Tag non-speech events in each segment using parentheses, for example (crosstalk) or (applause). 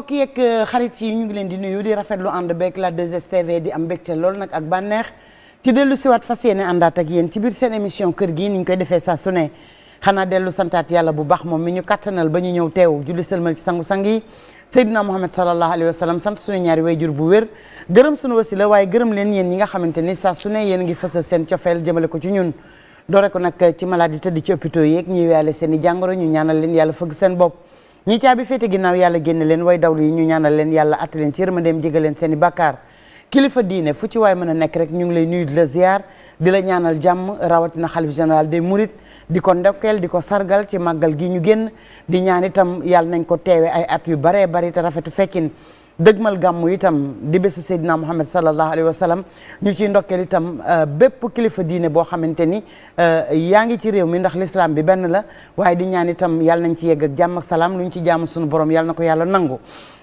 mbokk yeeg euh, xarit yi ñu ngi leen di nuyu di rafetlu and beeg la 2STV di am mbégte lool nag ak bànneex ci dellu siwaat fas yéene àndaat ak yéen ci biir seen émission kër gi ni ñu koy defee saa su ne xanaa dellu santaat yàlla bu baax moom mi ñu kattanal ba ñu ñëw teew julli sëlmal ci sangu-sang yi Seydina Muhammad sallallahu alayhi wa sallam sant suñu ñaari wayjur bu wér gërëm suñu wasila waaye gërëm leen yéen ñi nga xamante ni saa su ne yéen ngi fësal seen cofeel jëmale ko ci ñun doore ko nag ci maladie di ci hôpitaux yeeg ñuy weyale seen i jàngoro ñu ñaanal leen yàlla fëgg seen bopp ñi caabi féete ginnaaw yàlla génne leen way dawlu yi ñu ñaanal leen yàlla atte leen ma yërmandeem jégal leen seeni i bàkkaar kilifa diine fu ci waay mën a nekk rek ñu ngi lay nuyu di la ziar di la ñaanal jàmm rawatina xalif général des murit di ko ndokkeel di ko sargal ci màggal gi ñu génn di ñaan itam yàlla nañ ko teewe ay at yu baree bari te rafetu fekkin dëgmal gàmmu itam di bésu Seydina Muhammad sallallahu alayhi wa sallam ñu ciy ndokkeel itam euh, bépp kilifa diine boo xamante ni euh, yaa ngi ci réew mi ndax l'islam bi benn la waaye di ñaan itam yàlla nañ ci yegg ak jàmm salaam lu ñu ci jaamu sunu borom yàlla na ko yàlla nangu.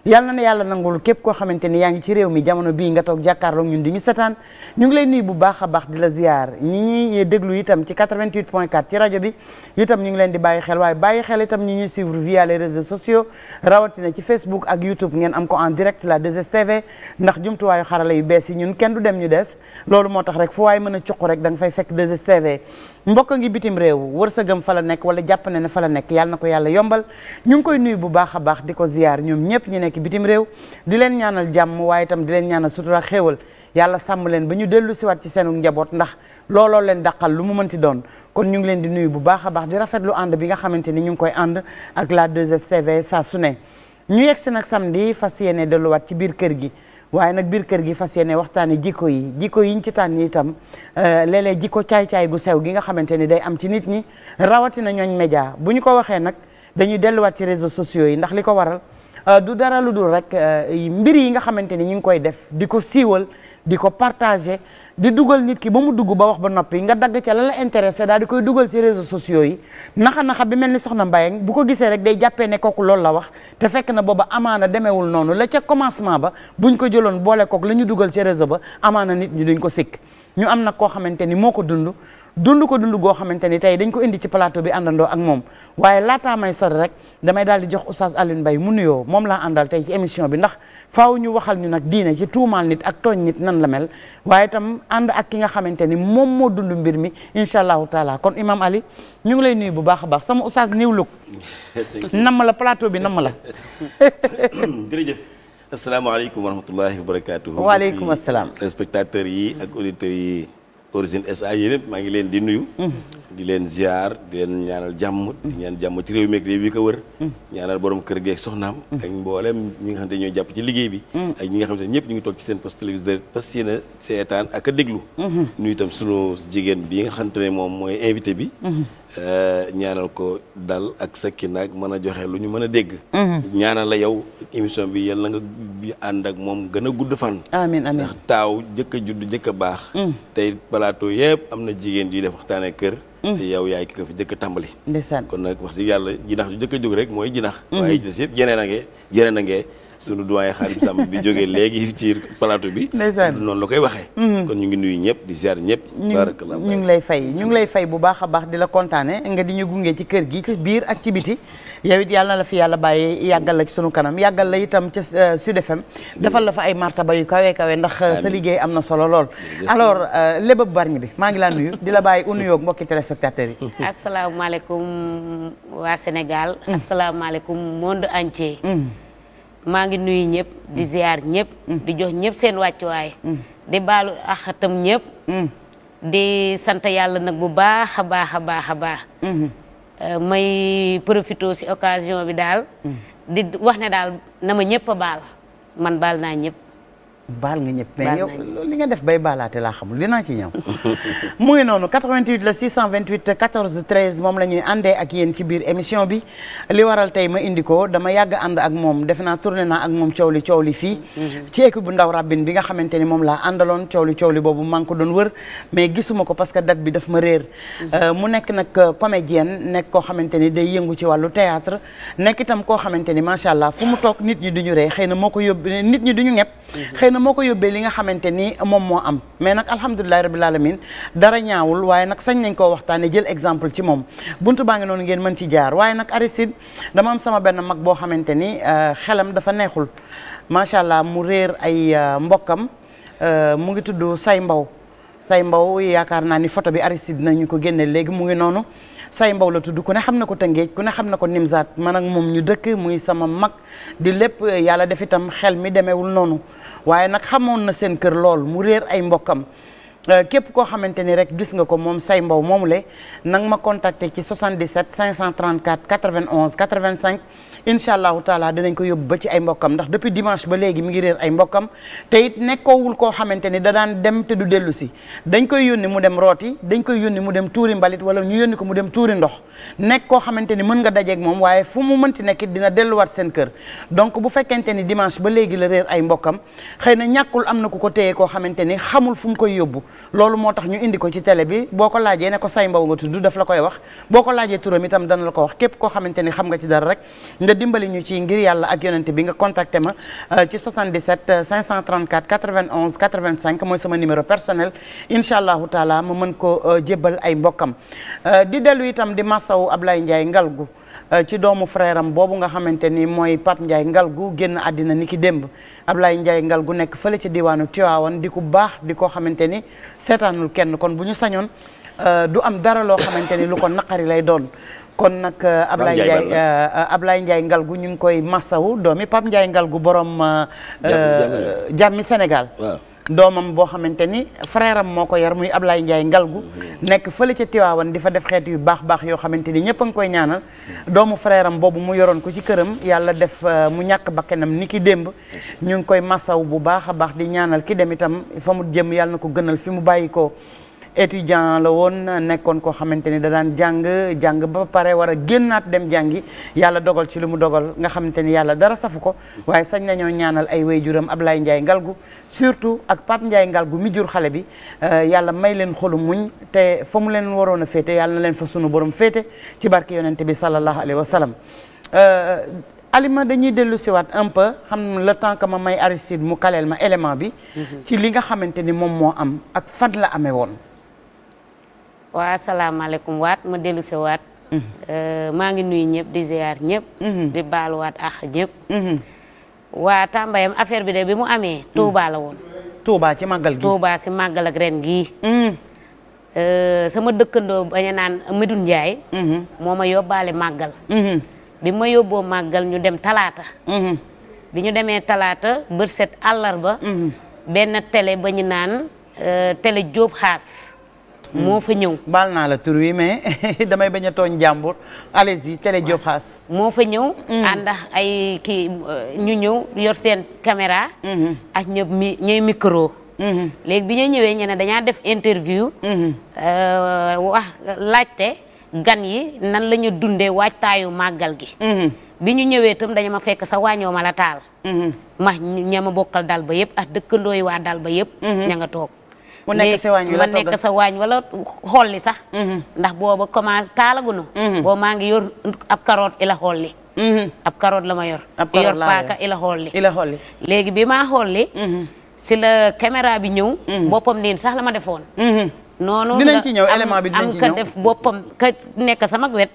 yàlla na yàlla nangul képp koo xamante ni yaa ngi ci rew mi jamono bi nga toog jàkkaarloog ñun di ñu setaan ñu ngi lay nuyu bu baax a baax di la ziar ñi ñuy déglu itam ci 88 point 4 ci rajo bi itam ñu ngi leen di bàyyi xel waaye bàyyi xel itam ñi ñuy suivre via les réseaux sociaux rawatina ci Facebook ak YouTube ngeen am ko en direct la 2STV ndax jumtuwaayu xarala yu bees yi ñun kenn du dem ñu des loolu moo tax rek fu waay mën a cuq rek da nga fay fekk 2 mbokk ngi bitim réew war wërsëgam fa la nekk wala jàpp ne ne fa la nekk yàlla na ko yàlla yombal ñu ngi koy nuyu bu baax a baax di ko ziyaar ñoom ñëpp ñu nekk bitim réew di leen ñaanal jàmm waaye itam di leen ñaanal sutura xéewal yàlla sàmm leen ba ñu dellu siwaat ci seenu njaboot ndax looloo leen daqal lu mu mënti doon kon ñu ngi leen di nuyu bu baax a baax di rafetlu ànd bi nga xamante ni ñu ngi koy ànd ak la 2STV sa su ne ñu yegg si nag samedi fas yéene delluwaat ci biir kër gi waaye nag biir kër gi fas yéene waxtaane jikko yi jikko yiñ ci tànn itam euh, léeg-léeg jikko caay-caay gu sew gi nga xamante ni day am ci nit ñi rawatina ñoñ média bu ñu ko waxee nag dañuy delluwaat ci réseaux sociaux yi ndax li ko waral euh, du dara lu dul rek euh, mbir yi nga xamante ni ñu ngi koy def di ko siiwal di ko partager di dugal nit ki ba mu dugg ba wax ba noppi nga dagg ca la la intéressé daal di koy dugal ci réseaux sociaux yi naxa naxa bi mel ni soxna mbayan bu ko gisee rek day jàppee ne kook loolu la wax te fekk na booba amaana demeewul noonu la ca commencement ba buñ ko jëloon boole kook la ñu dugal ci réseau ba amaana nit ñi duñ ko sikk ñu am nag koo xamante ni moo ko dund dund ko dund goo xamante ni tey dañ ko indi ci plateau bi àndandoo ak moom waaye laataa may sori rek damay daal di jox Oustaz Alioune Mbaye mu nuyoo moom laa àndal tey ci émission bi ndax faw ñu waxal ñu nag diine ci tuumaal nit ak tooñ nit nan la mel waaye tam ànd ak ki nga xamante ni moom moo dund mbir mi incha allahu taala kon Imam Ali ñu ngi lay nuyu bu baax a baax sama Oustaz New Look (laughs) namm la plateau bi namm la (laughs) jërëjëf asalaamaaleykum wa rahmatullahi wa barakaatu. waaleykum asalaam spectateurs yi ak auditeurs yi origine SA yéen it maa ngi leen di nuyu. Mm-hmm. di leen ziar di leen ñaanal jàmm. di ñaan jàmm ci réew mi ak réew yi ko wër. Mm-hmm. ñaanal borom kër gi ak soxnaam. Mm-hmm. ak mboolem ñi nga xam te ñooy jàpp ci liggéey bi. ak ñi nga xam te ñëpp ñu ngi toog ci seen poste téléviseur parce que a seetaan ak a déglu. nuyu itam sunu jigéen bi nga xam te moom mooy invité bi. Euh, ñaanal ko dal ak sëkki nag mën a joxe lu ñu mën a dégg. Mhm. ñaanal la yow émission bi yal na nga ànd ak moom gën a gudd fan. amiin amiin ndax taaw jëkk a judd jëkk baax. Mm. tey plateau yëpp am na jigéen di def waxtaanee kër. Mm. te yow yaay ki ko fi jëkk a tàmbali. ndeysaan kon nag wax yàlla jinax ju jëkk a jóg rek mooy jinax. Mm-hmm. waaye jinax yëpp jeneen a ngee jeneen a ngee sunu doyen Xaadim Samb bi jógee léegi ci plateau bi. ndeysaan noonu la koy waxee. Mhm. kon ñu ngi nuyu ñëpp di ziar ñëpp. ñu ngi lay fay ñu ngi lay fay bu baax a baax di la kontaane nga di ñu gunge ci kër gi ci biir ak ci biti. yow it yàlla la fi yàlla bàyyi yàggal la ci sunu kanam yàggal la itam ca euh, Sud FM. defal la fa ay martaba yu kawee kawee ndax euh, sa liggéey am na solo lool. alors euh, lébëb barñi bi maa ngi laa nuyu di la bàyyi u nuyoog mbokki téléspectateurs yi. (laughs) asalaamaaleykum waa Sénégal. Mm. asalaamaaleykum monde entier. Mm. maa ngi nuyu ñëpp di mm. ziar ñëpp mm. di jox ñëpp seen wàccuwaay mm. di baalu axatam ñëpp di sant yàlla nag bu baax a baax a baax a baax mm-hmm. euh, may profité si occasion bi daal di wax ne daal na ma ñëpp a baal man baal naa ñëpp baal nga ñëpp mais yow li nga def bay baalaate laa xamul dinaa ci ñëw (laughs) mu ngi noonu 88 la 628 14 13 moom la ñuy àndee ak yéen ci biir émission bi li waral tey ma indi ko dama yàgg ànd ak moom defe naa tourné naa ak moom coow li coow li fii mhm. ci équipe bu ndaw rabbin bi nga xamante ni moom laa àndaloon coow li coow li boobu maa ngi ko doon wër mais gisuma ko parce que date bi daf ma réer mhm. euh, mu nekk nag euh, comédienne nekk koo xamante ni day yëngu ci wàllu théâtre nekk itam koo xamante ni macha allah fu mu toog nit ñi duñu ree xëy na moo ko yóbbu nit ñi duñu ñepp mhm. na moo ko yóbbee li nga xamante ni moom moo am mais nag alhamdulilahi rabil alamin dara ñaawul waaye nag sañ nañ koo waxtaane jël exemple ci moom buntu baa ngi noonu ngeen mën ci jaar waaye nag Aristide dama am sama benn mag boo xamante ni euh, xelam dafa neexul macha allah mu réer ay euh, mbokkam euh, mu ngi tudd say mbaw say mbaw yaakaar naa ni photo bi Aristide nañu ko génne léegi mu ngi noonu say mbaw la tudd ku ne xam na ko Tëngéej ku ne xam na ko Nimzaat man moom ñu dëkk muy sama mag di lépp yàlla def itam xel mi demewul noonu waaye nag xamoon na seen kër lool mu réer ay mbokkam Euh, képp koo xamante ni rek gis nga ko moom say mbow moomu le nang ma contacter ci 77 534 91 85 incha allahu taala dinañ ko yóbbu ba ci ay mbokkam ndax depuis dimanche ba léegi mi ngi réer ay mbokkam te it nekkoowul koo xamante ni da daan dem te du dellu si dañ koy yónni mu dem rooti dañ koy yónni mu dem tuuri mbalit wala ñu yónni ko mu dem ndox nekk koo xamante ni mën nga dajeeg moom waaye fu mu mënti nekkit dina delluwaat seen kër donc bu fekkente ni dimanche ba léegi la réer ay mbokkam xëy na ñàkkul am na ku ko téye koo xamante ni xamul fu mu koy yóbbu loolu moo tax ñu indi ko ci télé bi boo ko laajee ne ko say mbaw nga du daf la koy wax boo ko laajee turam itam dana la ko wax képp ko xamante ni xam nga ci dara rek nga dimbali ñu ci ngir yàlla ak yonent bi nga contacté ma euh, ci 77 534 91 85 mooy sama numéro personnel incha allahu taala ma mën ko euh, jébbal ay mbokkam euh, di dellu itam di massawu Ablaye Ndiaye ngalgu Eh, ci doomu frère boobu nga xamante ni mooy Pape Ndiaye ngal gu génn àddina ni ki démb Ablaye Ndiaye ngal gu nekk fële ci diwaanu Tiwaawan di ku baax di koo xamante ni seetaanul kenn kon bu ñu sañoon eh, du am dara loo xamante ni lu ko naqari lay doon kon nag eh, Ablaye Ndiaye Ablaye ngal gu ñu ngi koy massawu doomi Pape Ndiaye ngal gu borom jàmmi Sénégal doomam boo xamante ni frère moo ko yar muy Ablaye Ndiaye ngalgu nekk fële ca Tiwaawan di fa def xeet yu baax baax yoo xamante ni ñëpp a koy ñaanal doomu frère boobu mu yoroon ko ci këram yàlla def euh, mu ñàkk bakkenam ni ki démb ñu ngi koy masaw bu baax a baax di ñaanal ki dem itam fa mu jëm yàlla na ko gënal fi mu bàyyi ko étudiant la woon nekkoon koo xamante ni da daan jàng jàng ba pare war a génnaat dem jàngi yàlla dogal ci li mu dogal nga xamante ni yàlla dara safu ko waaye sañ nañoo ñaanal ay waajuram Ablaye Ndiaye Ngalgu surtout ak Pape Ndiaye Ngalgu mi jur xale bi euh, yàlla may leen xolu muñ te fa mu leen waroon a féete yàlla na leen fa sunu borom féete ci barke yonente bi sallallahu alayhi wa sallam euh, Alima dañuy dellu siwaat un peu xam le temps que ma may Aristide mu kaleel ma élément bi mm-hmm. ci li nga xamante ni moom moo am ak fan la amee woon waa asalaamaaleykum waat ma dellu waat mm-hmm. euh, maa ngi nuyu ñëpp di ziar ñëpp mm-hmm. di baaluwaat ak ñëpp mm-hmm. waa tàmbayam affaire bi de bi mu amee Touba woon tuubaa ci màggal gi Touba si màggal ak ren gii euh, sama dëkkandoo baña naan Medoune Ndiaye moo ma yóbbaale màggal bi ma yóbboo màggal ñu dem talaata bi ñu demee talaata bërset àllarba benn télé ba ñu naan euh, télé Jóob Xaas moo fa ñëw. baal naa la tur wi mais (laughs) damay bañ a tooñ jàmbur allez-y télé Diop moo fa ñëw. Mm. ànd ak ay kii euh, ñu ñëw yor seen caméra. Mm-hmm. ak ñëpp mi ñooy micro. Mm-hmm. léegi bi ñu ñëwee ñu ne dañaa def interview. Mm-hmm. Euh, wax laajte gan yi nan lañu ñu dundee waajtaayu màggal gi. bi ñu ñëwee tam dañu ma fekk sa wàññoo ma la taal. ma ña ma bokkal dal ba yëpp ak dëkkandoo yi waa dal ba yëpp. ña nga toog. mu nekk sa waañ wala nekk sa waañ wala xolli sax. Mhm. ndax booba commencé taalaguñu. Mhm. boo maa ngi yor ab carotte ila xolli. Mhm. ab carotte la ma yor. ab carotte yor ila xolli. léegi bi maa xolli. si la caméra bi ñëw. boppam niin sax la ma defoon. noonu dinañ am ka def boppam ka nekk sama wet.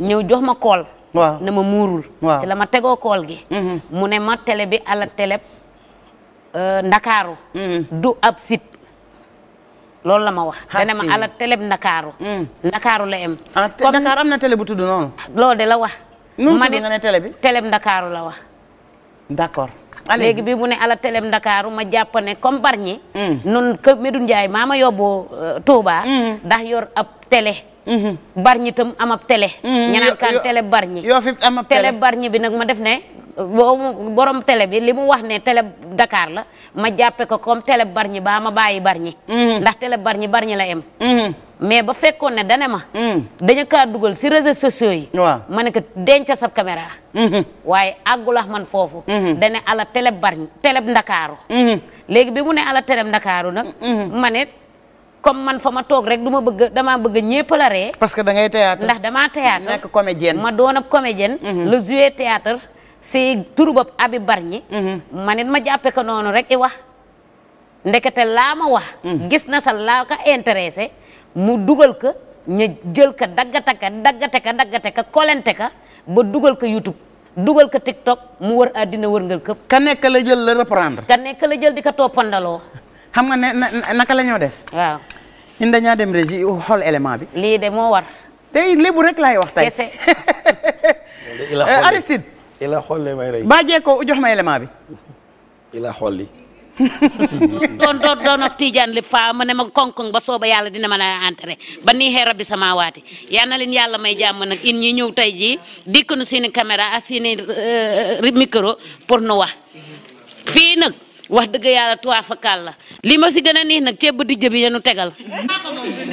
ñëw jox ma kool. na ma muurul. waaw si la ma tegoo kool gi. mu ne ma télé bi ala télé euh, ndakaaru du ab site. loolu la ma wax. dana ma ala télé bi Ndakaaru. Hmm. Ndakaaru la am. ah am na télé bu tudd noonu. loolu de la wax. nu tudd nga Ndakaaru la wax. d'accord. léegi bi bu ne ala télé Ndakaaru ma jàpp ne comme Bargny. noonu hmm. kër Medoune Ndiaye maa ma yóbbu euh, Touba. Hmm. ndax yor ab télé. Mm-hmm. barñi tam am ab télé. Mm-hmm. ñu naan kan télé barñi. yoo fi barñi bi nag ma def ne. boobu borom télé bi li mu wax ne télé Dakar la ma jàppe ko comme télé barñi baa ma bàyyi barñi. Mm-hmm. ndax télé barñi barñi la em. mais ba fekkoon ne dane ma. dañu kaa dugal si réseaux sociaux yi. ma ne ko denca sa caméra. waaye àggulax man foofu. dane ala télé barñi télé Ndakaaru. léegi bi mu ne ala télé Ndakaaru nag. ma ne comme man fa ma toog rek du ma bëgg damaa bëgg ñépp la parce que dangay ngay théâtre ndax damaa théâtre nekk comédienne ma doon ab comédienne mhm. le jouer théâtre si turu bopp abi barñi mhm. ma ma jàppe ko noonu rek i wax ndekete laa ma wax mhm. gis na sa laa ko intéressé mu dugal ka ñu jël ko daggate ka daggate ka daggate ka kolente ka ba dugal ko YouTube dugal ko TikTok mu wër addina wër wërngal këpp ka nekk la jël la reprendre ka nekk la jël di ko toppandaloo (laughs) xam nga ne naka la ñoo def. waaw ñun dañaa dem régie xool élément bi. lii de moo war. tey lébu rek laay wax tey. kese. (laughs) Eh, Aristide. il a xolli may rey. bàjjee ko jox ma élément bi. (laughs) il a xolli. (laughs) doon doon doon of Tidiane li faa ma ne ma koŋ-koŋ ba sooba yàlla dina mën a entré ba nii xee rabbi sama waati yal na leen yàlla may jàmm nag in ñuy ñëw tey jii dikk nu seeni caméra ak seeni euh, micro pour nu wax fii nag. wax dëgg yàlla tuwaa fakal la li ma si gën a neex nag ceeb ba dijj bi yenu tegal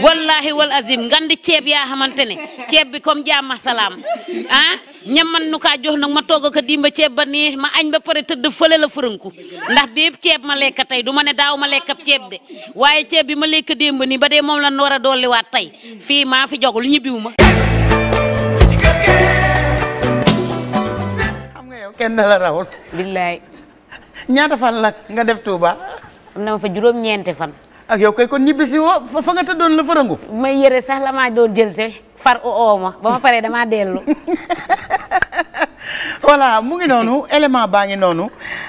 wallahi wal azim ngan di ceeb yaa xamante ne ceeb bi comme jaama salaam ah ñaman nu kaa jox nag ma toog ko dimba ceeb ba nii ma añ ba pare tëdd fële la fërënku ndax bépp ceeb ma lekk tey du ma ne daaw ma lekk ab ceeb de waaye ceeb bi ma lekk démb nii ba dee moom la war a dolliwaat tey fii maa fi jogul ñibbiwu ma xam nga yow kenn ñaata fan la nga def Touba. am na ma fa fan. ak yow kay kon ñibbisi woo fa nga tëddoon la farangu may yëre sax la maa jël see far oo ma ba damaa dellu. (laughs) mu ngi noonu élément baa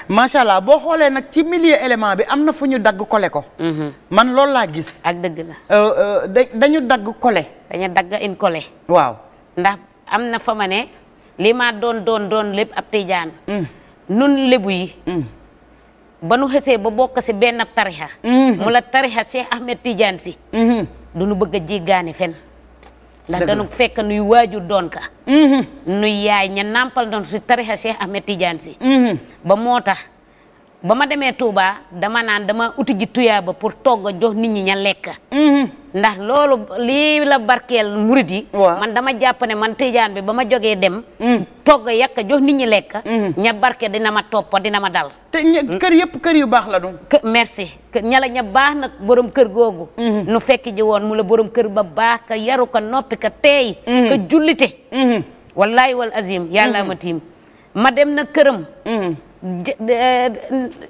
macha allah boo xoolee nag ci milieu élément bi am na fu ñu dagg kole ko. Mhm. man loolu laa gis. ak dëgg la. Euh, euh, dañu dagg kole. dañu dagg in kole. waaw ndax am na fa ma ne li ma doon doon doon lépp ab tijaan. Mm. nun lébu yi. Mm. ba nu xesee ba bokk si benn tarixa mhm. mu la tarixa Cheikh Ahmed Tidiane si mhm. du nu bëgg a jéggaani fen ndax dañu fekk nuy waajur doon ka mhm. nuy yaay ña nàmpal doon si tarixa Cheikh Ahmed Tidiane si ba moo tax ba ma demee Touba dama naan dama uti ji tuyaaba pour togg a jox nit ñi ña lekk. Mhm. ndax loolu lii la barkeel murid yi. man dama jàpp ne man tijaan bi ba ma jogee dem. Mhm. togg yàq jox nit ñi lekk. Mhm. ña barke dina ma topp dina ma dal. te mm. kër yëpp kër yu baax la doon. merci ña la ña baax nag borom kër googu. nu fekk ji woon mu la borom kër ba baax ka yaru ka noppi ka teey. ka jullite. wallahi wal azim yàlla ma tiim ma dem na këram. Eh,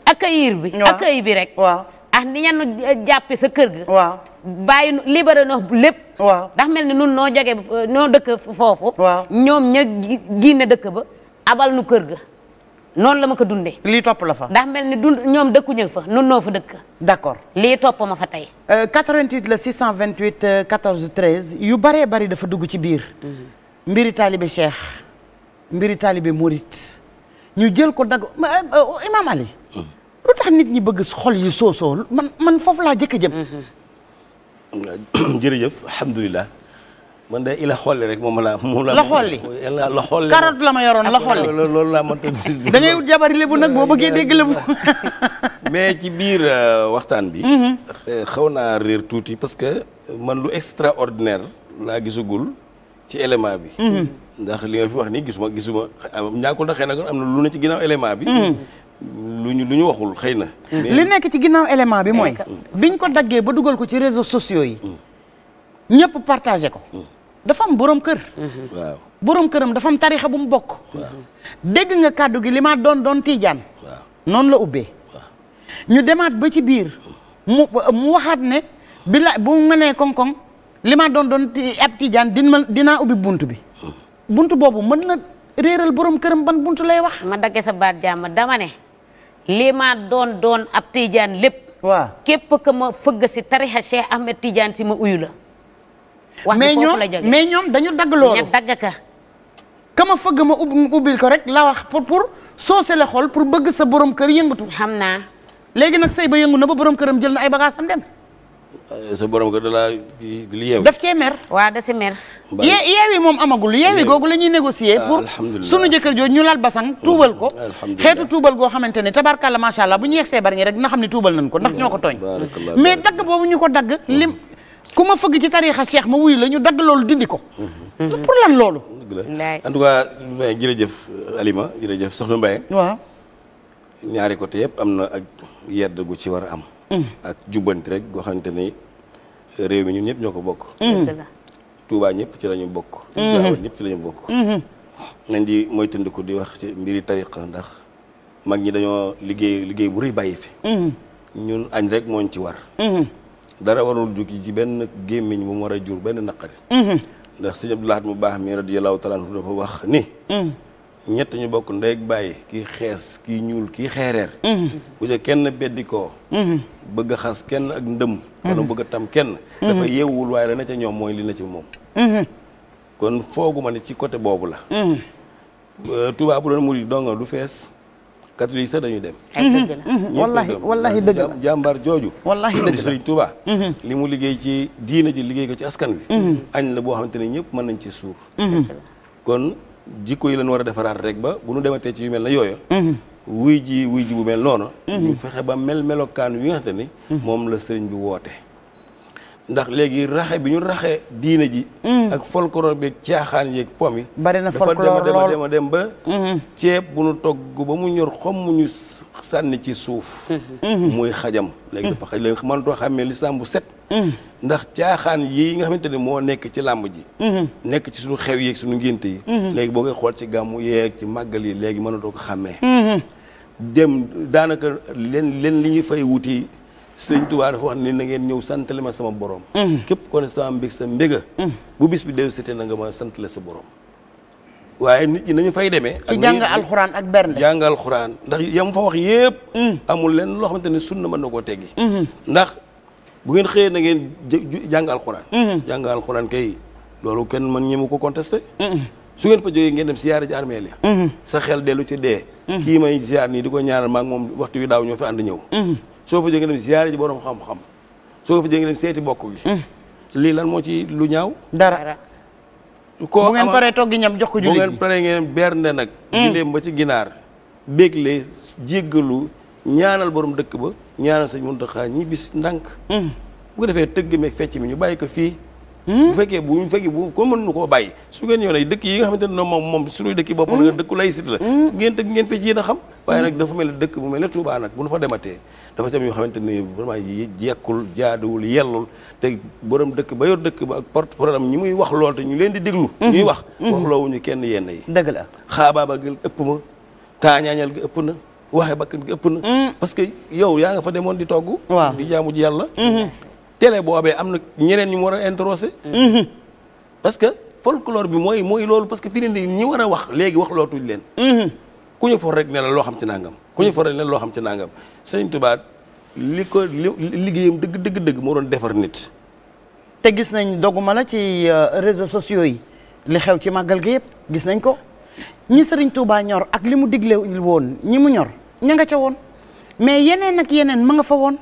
accueillir bi accueil bi rek waaw ah ni ñenn eh, jàppe sa kër ga waaw bàyyi libéré no lépp waaw ndax mel ni nun noo jege noo dëkk foofu waaw ñoom ña ginne dëkk ba abal nu kër ga noonu la ma ko dundee. lii topp la fa. ndax mel ni dund ñoom dëkkuñu fa nun noo fa dëkk. d' accord lii topp ma fa tey. 88 euh, la 628 14 13 yu baree bari dafa dugg ci biir. Mm-hmm. mbiri taalibe Cheikh mbiri taalibe Mouride. ñu jël ko dagg eh, oh, Imam Ali lu tax nit ñi bëgg xol yu soosoo man man foofu laa jëkk jëm (coughs) jërëjëf alhamdulilah man de ila xolli rek moom la moom la. la xolli la xolli carotte la ma yoroon la xolli loolu laa mënta si. (laughs) da ngay wut jabari lébu nag boo bëggee dégg lébu. (laughs) mais ci biir euh, waxtaan bi. Mhm. xaw naa réer tuuti parce que man lu extraordinaire laa gisagul ci élément bi. Mhm. ndax li nga fi wax nii gisuma gisuma ñàkkul na xëy na am na lu ne ci ginnaaw élément bi. Hmm. lu ñu lu ñu waxul xëy na. Hmm. li nekk ci ginnaaw élément bi mooy. Hmm. biñ ko daggee ba dugal ko ci réseau sociaux yi. ñëpp partagé ko. dafa am borom kër. waaw borom këram dafa am tarixa bu mu bokk. dégg nga kàddu gi li ma doon doon tiijaan. waaw noonu la ubbee. ñu demaat ba ci biir. mu mu waxaat ne. bi la bu ma nee koŋ-koŋ li ma doon doon at tiijaan dina ma dinaa ubbi bunt bi. buntu boobu mën na réeral borom këram ban buntu lay wax. ma dagge sa baat jàmm dama ne lii ma doon doon ab tijaan lépp. waaw képp que ma fëgg si tarixa Cheikh Ahmed Tidiane si ma uyu la. wax bi foofu la jógee mais ñoom dañu dagg loolu ña dagg ka. kama fëgg ma ubbil ko rek la wax pour pour soo sele xol pour bëgg sa borom kër yëngatu. xam naa. léegi nag sëy ba yëngu na ba borom këram jël na ay bagages am dem. Eh, sa borom ko da laa li yeew daf cee mer waaw da si mer ye yeewi moom amagul yeewi googu la ñuy négocier ah, pour sunu jëkkër jooju ñu laal basang tuubal ko mm, xeetu tuubal goo xamante ne tabarkàlla macha allah bu ñu yegsee bari ñi rek dina xam ne tuubal nañ ko ndax ñoo ko tooñ mais dagg boobu ñu ko dagg lim ku ma fëgg ci tariixa seex ma wuyu la ñu dagg loolu dindi ko mm-hmm. Mm-hmm. pour lan loolu en tout cas jërëjëf euh, Alima jërëjëf soxna Mbaye waaw ñaari côté yëpp am na ak yedd gu ci war a am Mm. ak jubbanti rek goo xamante ni réew mi ñun ñëpp ñoo ko bokk. Mm. Touba ñëpp ci lañu bokk. Mm-hmm. Tivaouane ci lañu bokk. Mm-hmm. nañ di mooy tëndiku di wax ci mbiri tariqa ndax mag ñi dañoo liggéey liggéey bu rëy bàyyi fi. Mm-hmm. ñun añ rek moo ci war. dara warul jukki ci benn gémmiñ bu mu war a jur benn naqari. ndax sëñ Abdou Lahad mu baax mi radiyallahu taala anhu dafa wax ni. ñett ñu bokk ndey ak bàyyi kii xees kii ñuul kii xeereer. bu ca kenn beddi koo. bëgg a xas kenn ak ndëm wala mhm. bëgg a tam kenn mhm. dafa yeewul waaye la na ca ñoom mooy li na ci moom mhm. kon fooguma ne ci côté boobu la euh, Touba bu doon murid donga du fees catholique sax dañu dem wallahi wallahi dëgg la jàmbaar jooju wallahi dëgg la sëriñ li mu liggéey ci diina ji liggéey ko ci askan bi añ la boo xamante ne ñëpp mën nañ ci suur kon jikko yi lañ war a defaraat rek ba bu ñu dematee ci yu mel na yooyu wuy ji wuy ji bu mel noonu. Mhm. ñu fexe ba mel melokaan wi nga xam ne. Mhm. moom la sëriñ bi woote. ndax léegi raxe bi ñu raxe diine ji. Mhm. ak folklore beeg caaxaan yeeg pom yi. bari na folklore dafa dem a dem ba. ceeb bu nu togg ba mu ñor xom mu ñu sànni ci suuf. muy xajam. léegi dafa xaj léegi mënatoo xàmmee lislaam bu set. ndax caaxaan yi nga xamante ne moo nekk ci làmb ji. nekk ci sunu xew yeeg suñu ngénte yi. léegi boo koy xool ci gàmmu yeeg ci màggal yi léegi mënatoo ko xàmmee. dem daanaka leen leen li ñu fay wuti sëñ Tuubaa dafa wax ni na ngeen ñëw santale ma sama borom. Mm. képp kon sama mbég sa mbéga. Mm. bu bis bi dellu si te na nga ma santale sa borom. waaye nit ñi nañu fay demee. ak ci jàng alxuraan ak bernde. jàng alxuraan ndax yam fa wax yëpp. Mm. amul lenn loo xamante ne sunna mën na koo teggi. Mm-hmm. ndax bu ngeen xëyee na ngeen jàng alxuraan. Mm-hmm. jàng alxuraan kay loolu kenn mën ñi mu ko contesté. Mm-hmm. su ngeen fa jógee ngeen dem siyaare ji armée li mhm. sa xel dellu ci dee mhm. kii may siyaar nii di ko ñaanal maag moom waxtu wi daaw ñoo fi ànd ñëw mhm. soo fa jógee ngeen dem siyaare ji soo fa jógee ngeen seeti bokk gi lii lan moo ci lu ñaaw dara koo bu ngeen paree togg ñam jox ko jullit bu ngeen paree ngeen bernde nag giléem ba ci ginaar bégle jéggalu ñaanal borom dëkk ba ñaanal sañ mun taxaa ñi bis ndànk bu ko defee tëgg meeg fecc mi ñu bàyyi ko fii bu fekkee bu ñu fekkee bu ko mën nu koo bàyyi su ngeen yoonee dëkk yi nga xamante ne noonu moom moom suñu dëkk bopp la nga dëkku laïcité la hmm. ngeen hmm. dëkk ngeen fi bu mel ne dëkk ba yor dëkk ba ak porte problème ñi muy wax lool te ñu di déglu hmm. ñuy wax wax loowuñu kenn yenn yi dëgg la xaabaaba gi ëpp ma taañaañal gi ëpp na waxe bakkan gi ëpp na parce yow yaa nga fa demoon di togg di jaamu ji yàlla télé boobee am na ñeneen ñu war a introsé mm-hmm. parce que folklore bi mooy mooy loolu parce que fi ne ñi war a wax léegi wax lootuñ leen mm-hmm. ku ñu for rek ne loo xam ci nangam ku ñu for rek ne loo xam ci nangam sëñ Tuubaa li ko liggéeyam dëgg dëgg dëgg moo doon defar nit te gis nañ doguma la ci euh, réseaux sociaux yi li xew ci màggal gi yëpp gis nañ ko ñi sëriñ Tuubaa ñor ak li mu digle woon ñi mu ñor ña nga ca woon mais yeneen ak yeneen ma nga fa woon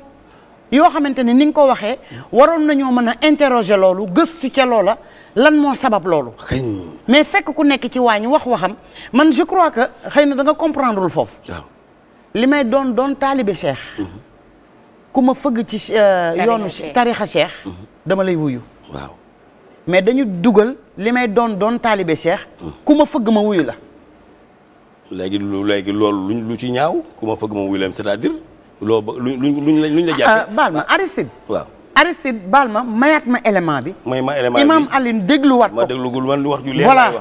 yoo xamante ne ni nga ko waxee waroon nañoo mën a interroger loolu gëstu ca la lan moo sabab loolu. mais fekk ku nekk ci waañ wax waxam man je crois que xëy na da nga comprendre lul foofu. li may doon doon taalibe cheikh. Mm-hmm. ku ma fëgg ci yoonu. Euh, tarixa cheikh mm-hmm. dama lay wuyu. waaw dañu dugal li may doon doon taalibe cheikh. Mm. ku ma fëgg ma wuyu la. léegi lu léegi loolu lu ci ñaaw ku ma fëgg ma wuyu la c'est-à-dire. loo ba luñ luñ la luñ la jàppee. baal ma Aristide. waaw Aristide baal ma mayaat ma élément bi. may ma élément bi Imam Alioune dégluwaat ko. ma déglugul man wax ju leer voilà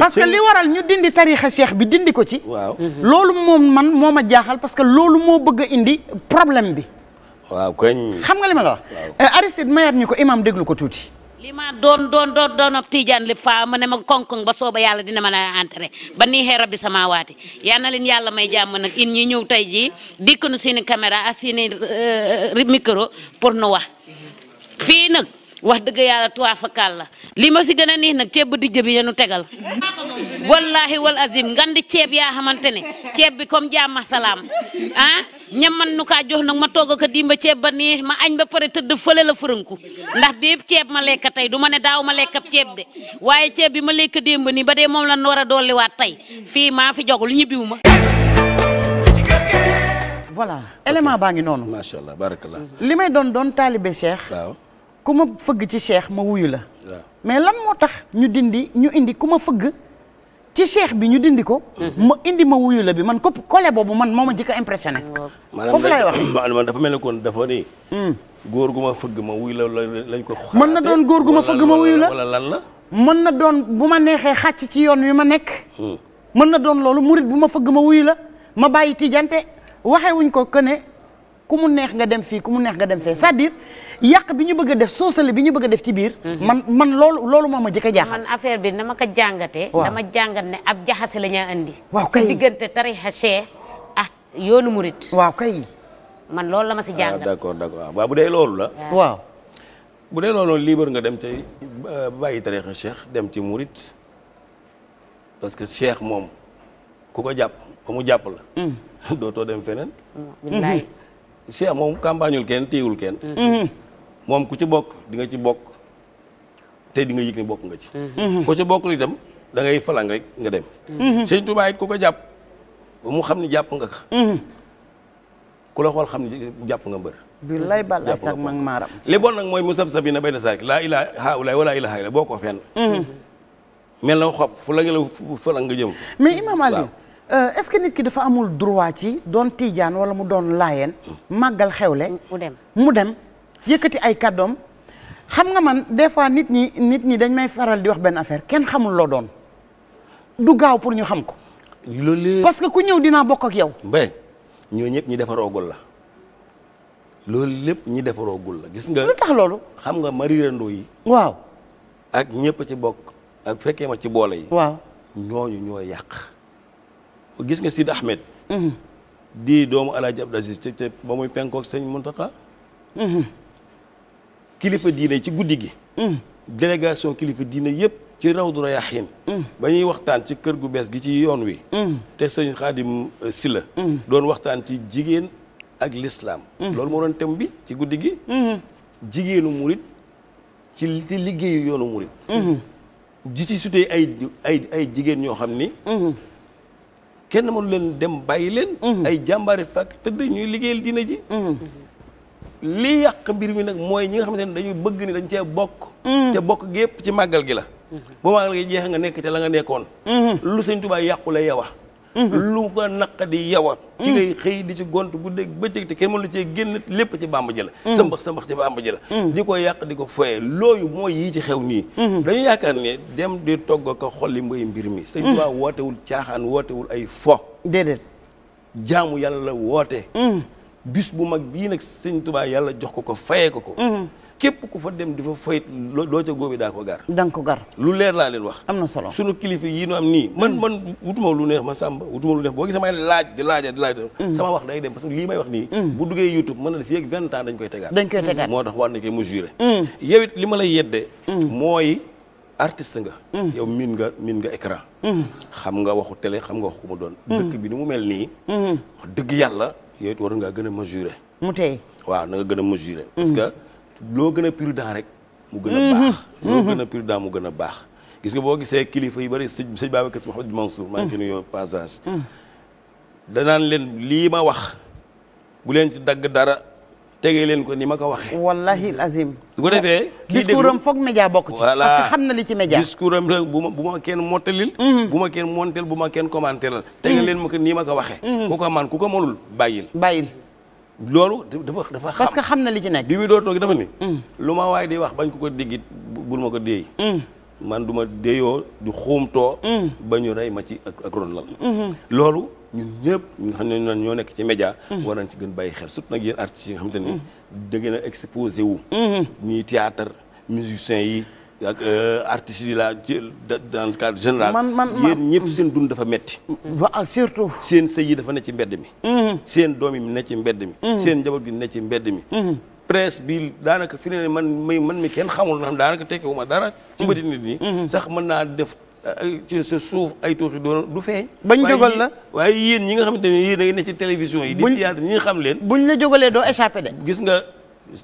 parce que li waral ñu dindi tariixa cheikh bi dindi ko ci. waaw loolu moom man moom a jaaxal parce que loolu moo bëgg indi problème bi. waaw kañ. xam nga li ma la wax. waaw Aristide mayaat ñu ko Imam déglu ko tuuti. li ma doon doon doon doon ab tiijaan li faa ma ne ma koŋ-koŋ ba sooba yàlla dina ma a entré ba nii xee rabbi sama waati yal na leen yàlla may jàmm nag in ñi ñëw tey jii dikk nu seeni caméra a seeni euh, micro pour nu wax fii nag wax dëgg yàlla tuwaa fakal la li ma si gën a neex nag ceeb ba dijj bi yenu tegal wallahi wal azim ngan di ceeb yaa xamante ne ceeb bi comme jaama salaam ah ñaman nu kaa jox nag ma togg ko dimba ceeb ba neex ma añ ba pare tëdd fële la fërënku ndax bépp ceeb ma lekk tey du ma ne daaw ma lekk ab ceeb de waaye ceeb bi ma lekk démb nii ba dee moom la war a dolliwaat tey fii maa fi jogul ñibbiwu ma voilà élément baa ngi noonu macha allah barakallah li may doon doon taalibe ku ma fëgg ci cheikh ma wuyu la. mais lan moo tax ñu dindi ñu indi ku ma fëgg ci cheikh bi ñu dindi ko. Mhm. ma indi ma wuyu la bi man kopp collé boobu man moo ma jëkk a impressionné. foofu wax (coughs) maanaam dafa mel ni kon góor gu ma fëgg ma wuyu lañ ko. xaar na doon góor gu ma fëgg ma wuyu la lan la. mën na doon bu ma neexee xàcc ci yoon wi ma nekk. Hmm. mën na doon loolu murit bu ma fëgg ma wuyu la ma bàyyi tijante waxewuñ ko que ne ku mu neex nga dem fii ku mu neex nga dem fee sa à dire yàq bi ñu bëgg a def soosale bi ñu bëgg a def ci biir. Mhm. man man loolu loolu moo ma jëkk a jaaxal. man affaire bi dama ko jàngatee. dama jàngat ne ab jaxase la ñuy andi. waaw kay si diggante a Cheikh ak yoonu murit. waaw kay. man loolu la ma si jàngat. Ah, d'accord ah, bu dee loolu la. waaw. bu dee loolu libre nga dem tey bàyyi tarixa Cheikh dem ci murit parce que Cheikh moom ku ko jàpp ba mu jàpp la. Mm. (laughs) dootoo dem feneen. Mm, Cheikh ah, moom campagneul kenn téyewul kenn. Mm-hmm. moom ku ci bokk di nga ci bokk te di nga yëg ne bokk nga ci. Mm-hmm. ku ci bokkul itam da ngay falang rek nga dem. Mm-hmm. sëñ Tuubaa it ku ko jàpp ba mu xam ne jàpp nga mbër. li bon nag mooy mu sab sabi na bay na saak laa ilaa haawulaay wala ilaa haawulaay boo ko fenn. mel na xob fu la nga la falang nga jëm fa. mais Imam Aliou Euh, est ce que nit ki dafa amul droit ci doon tiijaan wala mu doon laayeen màggal xewle. mu dem mu dem yëkkati ay kàddoom. xam nga man des fois nit ñi nit ñi dañ may faral di wax benn kenn xamul loo doon du gaaw pour ñu xam ko. loolu parce que ku ñëw dinaa bokk ak yow. mbay ñooñu ñëpp ñi defaroogul la loolu lépp ñi defaroogul la gis nga. xam nga marirandoo yi. waaw. ak ñëpp ci bokk. ak fekkee ma ci boole yi. waaw ñooñu ñoo yàq. gis nga Sid Ahmed. Mm-hmm. di doomu El Hadj Abdou Aziz te te ba muy penkook sëñ Mountakha. Mm-hmm. kilifa diine ci guddi gi. Mm-hmm. délégation kilifa diine yëpp ci Rawdu Rayaahiin. ba ñuy waxtaan ci kër gu bees gi ci yoon wi. te sëñ Xaadim euh, Silla doon waxtaan ci jigéen ak l'islam. loolu moo doon thème bi ci guddi gi. jigéenu murit ci ci liggéeyu yoonu murit. ji ci sutee ay ay jigéen ñoo xam ni. kenn mënu leen dem bàyyi leen. Mhm. ay jàmbaari fàkk tëdd ñuy liggéeyal diina ji. Mhm. Mhm. li yàq mbir mi nag mooy ñi nga xam ne dañuy bëgg ni dañ cee bokk. te bokk gépp ci màggal gi la. bu màggal gi jeex nga nekk te la nga nekkoon. lu sëñ Tuubaa yàqu la yow a lu ko naqadi yow a mm. ci ngay xëy di ci gont guddeeg bëccëg te kenn la cee génn lépp ci bàmba ji la mm. sa mbax sa mbax ci bàmba ji la mm. di ko yàq di ko foye looyu mooy yii ci xew nii mm-hmm. dañu yaakaar ne dem di togg ko xolli mbay mbir mi sëñ Tuubaa wootewul caaxaan wootewul ay fo déedéet jaamu yàlla la woote bis bu mag bii nag sëñ Tuubaa yàlla jox ko ko fayee ko ko mm-hmm. képp ku fa dem di fa fayit loo ca góobi daa ko gar da nga ko gar lu leer laa leen wax am na solo suñu kilifa yi ñu am nii man man wutuma lu neex ma sàmba wutuma lu neex boo gis samay laaj di laaja di laaj mm. sama wax day dem parce lii may wax nii mm. bu duggee youtube mën na def yéeg vingt ans dañ koy tegaat dañ koy tegaat moo tax war nañ koy mesurer mm. li ma lay yeddee mooy artiste nga yow miin nga miin nga écran xam nga waxu télé xam nga wax ku a a loo gën a prudent rek mu gën a mhm. baax loo mhm. gën a prudent mu gën a baax gis nga boo gisee kilifa yu bëri sëñ sëñ Babacar Sy Mouhamed Mansour maa ngi koy mhm. nuyoo passage danaan leen lii ma wax bu leen ci dagg dara tegee leen ko ni ma ko waxee wallahi azim bu ko defee kii discours am foog média bokk ci voilà parce xam na li ci média discours bu ma bu ma kenn mottalil bu ma kenn montel bu ma kenn commentéral tegee leen ma nii ma ko waxee ku ko man ku ko mënul bàyyil bàyyil loolu dafa dafa xam parce que na li ci nekk. bi muy door toog dafa ni. Mm. lu ma waay di wax bañ ko ko diggit bul ma ko déey. Mm. man du ma du xuumtoo. Mm. ba ñu rey ma ci ak ron lal. Mm-hmm. loolu ñun ñëpp ñu xam ne ñoo nekk ci média. war nañ ci gën bàyyi xel surtout nag yéen artistes yi nga xamante ni. dëgg na exposé mm-hmm. ñuy théâtre musiciens yi. ak euh, artistes yi laa ci dans le cadre général. man man yéen ñëpp seen dund dafa metti mm-hmm. waaw surtout. seen sëy yi dafa ne ci mbedd mi. Mm-hmm. seen doom yi ne ci mbedd mi. Mm-hmm. seen njaboot gi ne ci mbedd mi. presse bi daanaka fi ne man mi kenn xamul na daanaka tekkiwuma dara. ci bëti nit ñi. sax mën naa def ci sa suuf ay tooxi doon du feeñ. bañ jógal la waaye yéen ñi nga xamante ne yéen a ngi ne ci télévision yi. di théâtre ñi nga xam leen. buñ la jógalee doo échappé de. gis nga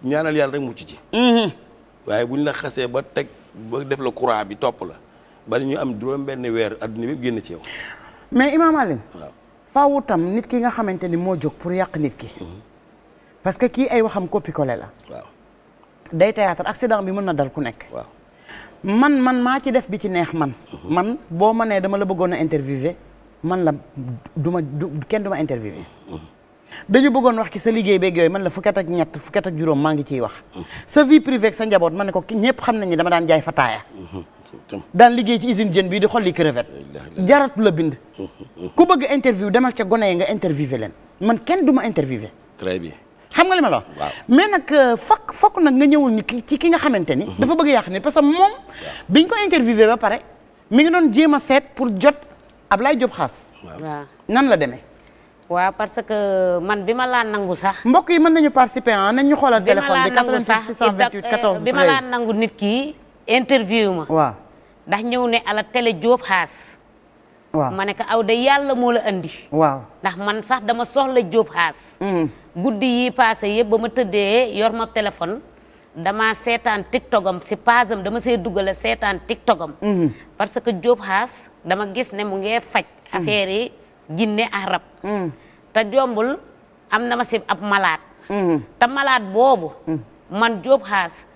ñaanal yàlla rek mucc ci. waaye buñ la xasee ba ba def la courant bi topp la ba ñu am juróom-benn weer adduna bi génn ci yow. mais Imaam Alioune. waaw faaw tam nit ki nga xamante ni moo jóg pour yàq nit ki. Mhm. parce que kii ay waxam copier-coller la. waaw day théâtre accident bi mën na dal ku nekk. waaw man man maa ci def bi ci neex man. Mhm. man boo ma dama la bëggoon a interviewé man la du ma du kenn duma ma dañu bëggoon wax ki sa liggéey beeg yooyu man la fukkat ak ñett fukkat ak juróom maa ngi ciy wax sa vie privée ak sa njaboot man ne ko ñëpp xam nañ ne dama daan jaay fataaya daan liggéey ci usine jën bii di xolli crevette jaratu la bind ku bëgg interview demal ca gone yi nga interviewé leen man kenn du ma interviewé très xam nga li ma la wax mais nag euh, fokk fokk nag nga ñëwul ni ci ki nga xamante ni dafa bëgg yàq ni parce que moom biñ ko interviewé ba pare mi ngi doon jéem a seet pour jot Ablaye Diop Xaas nan la demee waaw parce que man bi ma laa nangu sax. mbokk yi mën nañu participer ah nañu ñu xoolal téléphone bi. 88 628 14 13 bi ma laa nangu nit ki interview ma. waaw ndax ñëw ne ala télé jóob xaas. waaw ma ne ko aw de yàlla moo la indi waaw ndax man sax dama soxla Diop xaas. Mm-hmm. guddi yi passé yëpp ba ma tëddee yor ma téléphone. dama seetaan tiktokam si pasam dama see duggale seetaan tiktokam. Mm-hmm. parce que jóob xaas dama gis ne mu ngee faj. Mm-hmm. affaire yi. jinne ak rab mm. te jombul am na ma si ab malaat mm-hmm. te malaat boobu mm. man Jóob Xaas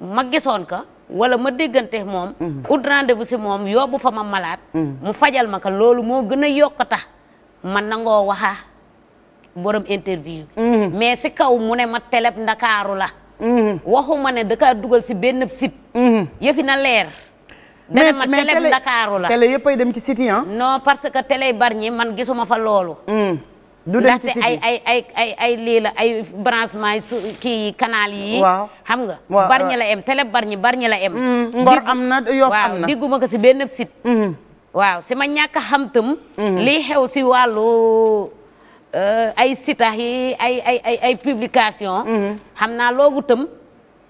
ma gisoon ka wala ma déggante moom mm-hmm. ut rendez-vous si moom yóbbu fa ma malaat mm. mu fajal ma ko loolu moo gën a yokk tax man nangoo waxaa borom interview mm-hmm. mais si kaw mu ne ma teleb ndakaaru la waxuma ne da kaa dugal si benn sit yëfi na leer ma mais télé Ndakaaru la télé yëpp ay dem ci site ah. no parce que télé Bargny man gisuma fa loolu. Hmm. du dem ay ay ay lii la ay branchement kii kanaal yi. xam nga. waaw Bargny la em télé Bargny Bargny la em. Hmm, ngor am na Yoff am na digguma ko si benn sit hmm. waaw si ma ñàkk a xam tam. lii xew si wàllu. Euh, ay sitax yi ay ay publication xam naa loogu tëm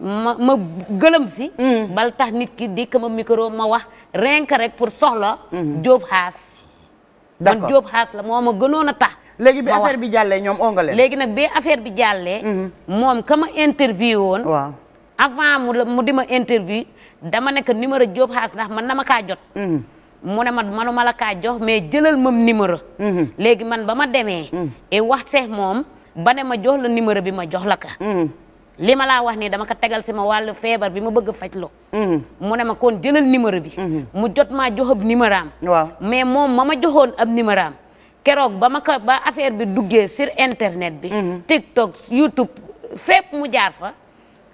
ma ma gëlëm si. Mm. bal tax nit ki dikk ma micro ma wax renk rek pour soxla. Mm-hmm. jóob xaas. man jóob xaas la moo ma gënoon a tax. léegi bi affaire bi jàllee ñoom ongale. léegi nag bi affaire bi jàllee. Mm-hmm. moom ka ma interview woon. waaw avant mu mu di ma interview dama nekk numéro Diop xaas ndax man na ma kaa jot. Mm-hmm. mu ne ma manuma la kaa jox mais jëlal moom numéro. léegi man ba ma demee. Mm. wax waxte moom ba ne ma jox la numéro bi ma jox la ka. li ma laa wax nii dama ko tegal si ma wàllu feebar bi ma bëgg faj lo mhm. mu ne ma koon jëlal numéro bi mhm. mu jot maa joxab numéro am mais moom ma ma joxoon ab numéro am keroog ba ma ko ba affaire bi duggee sur internet bi mhm. TikTok YouTube fépp mu jaar fa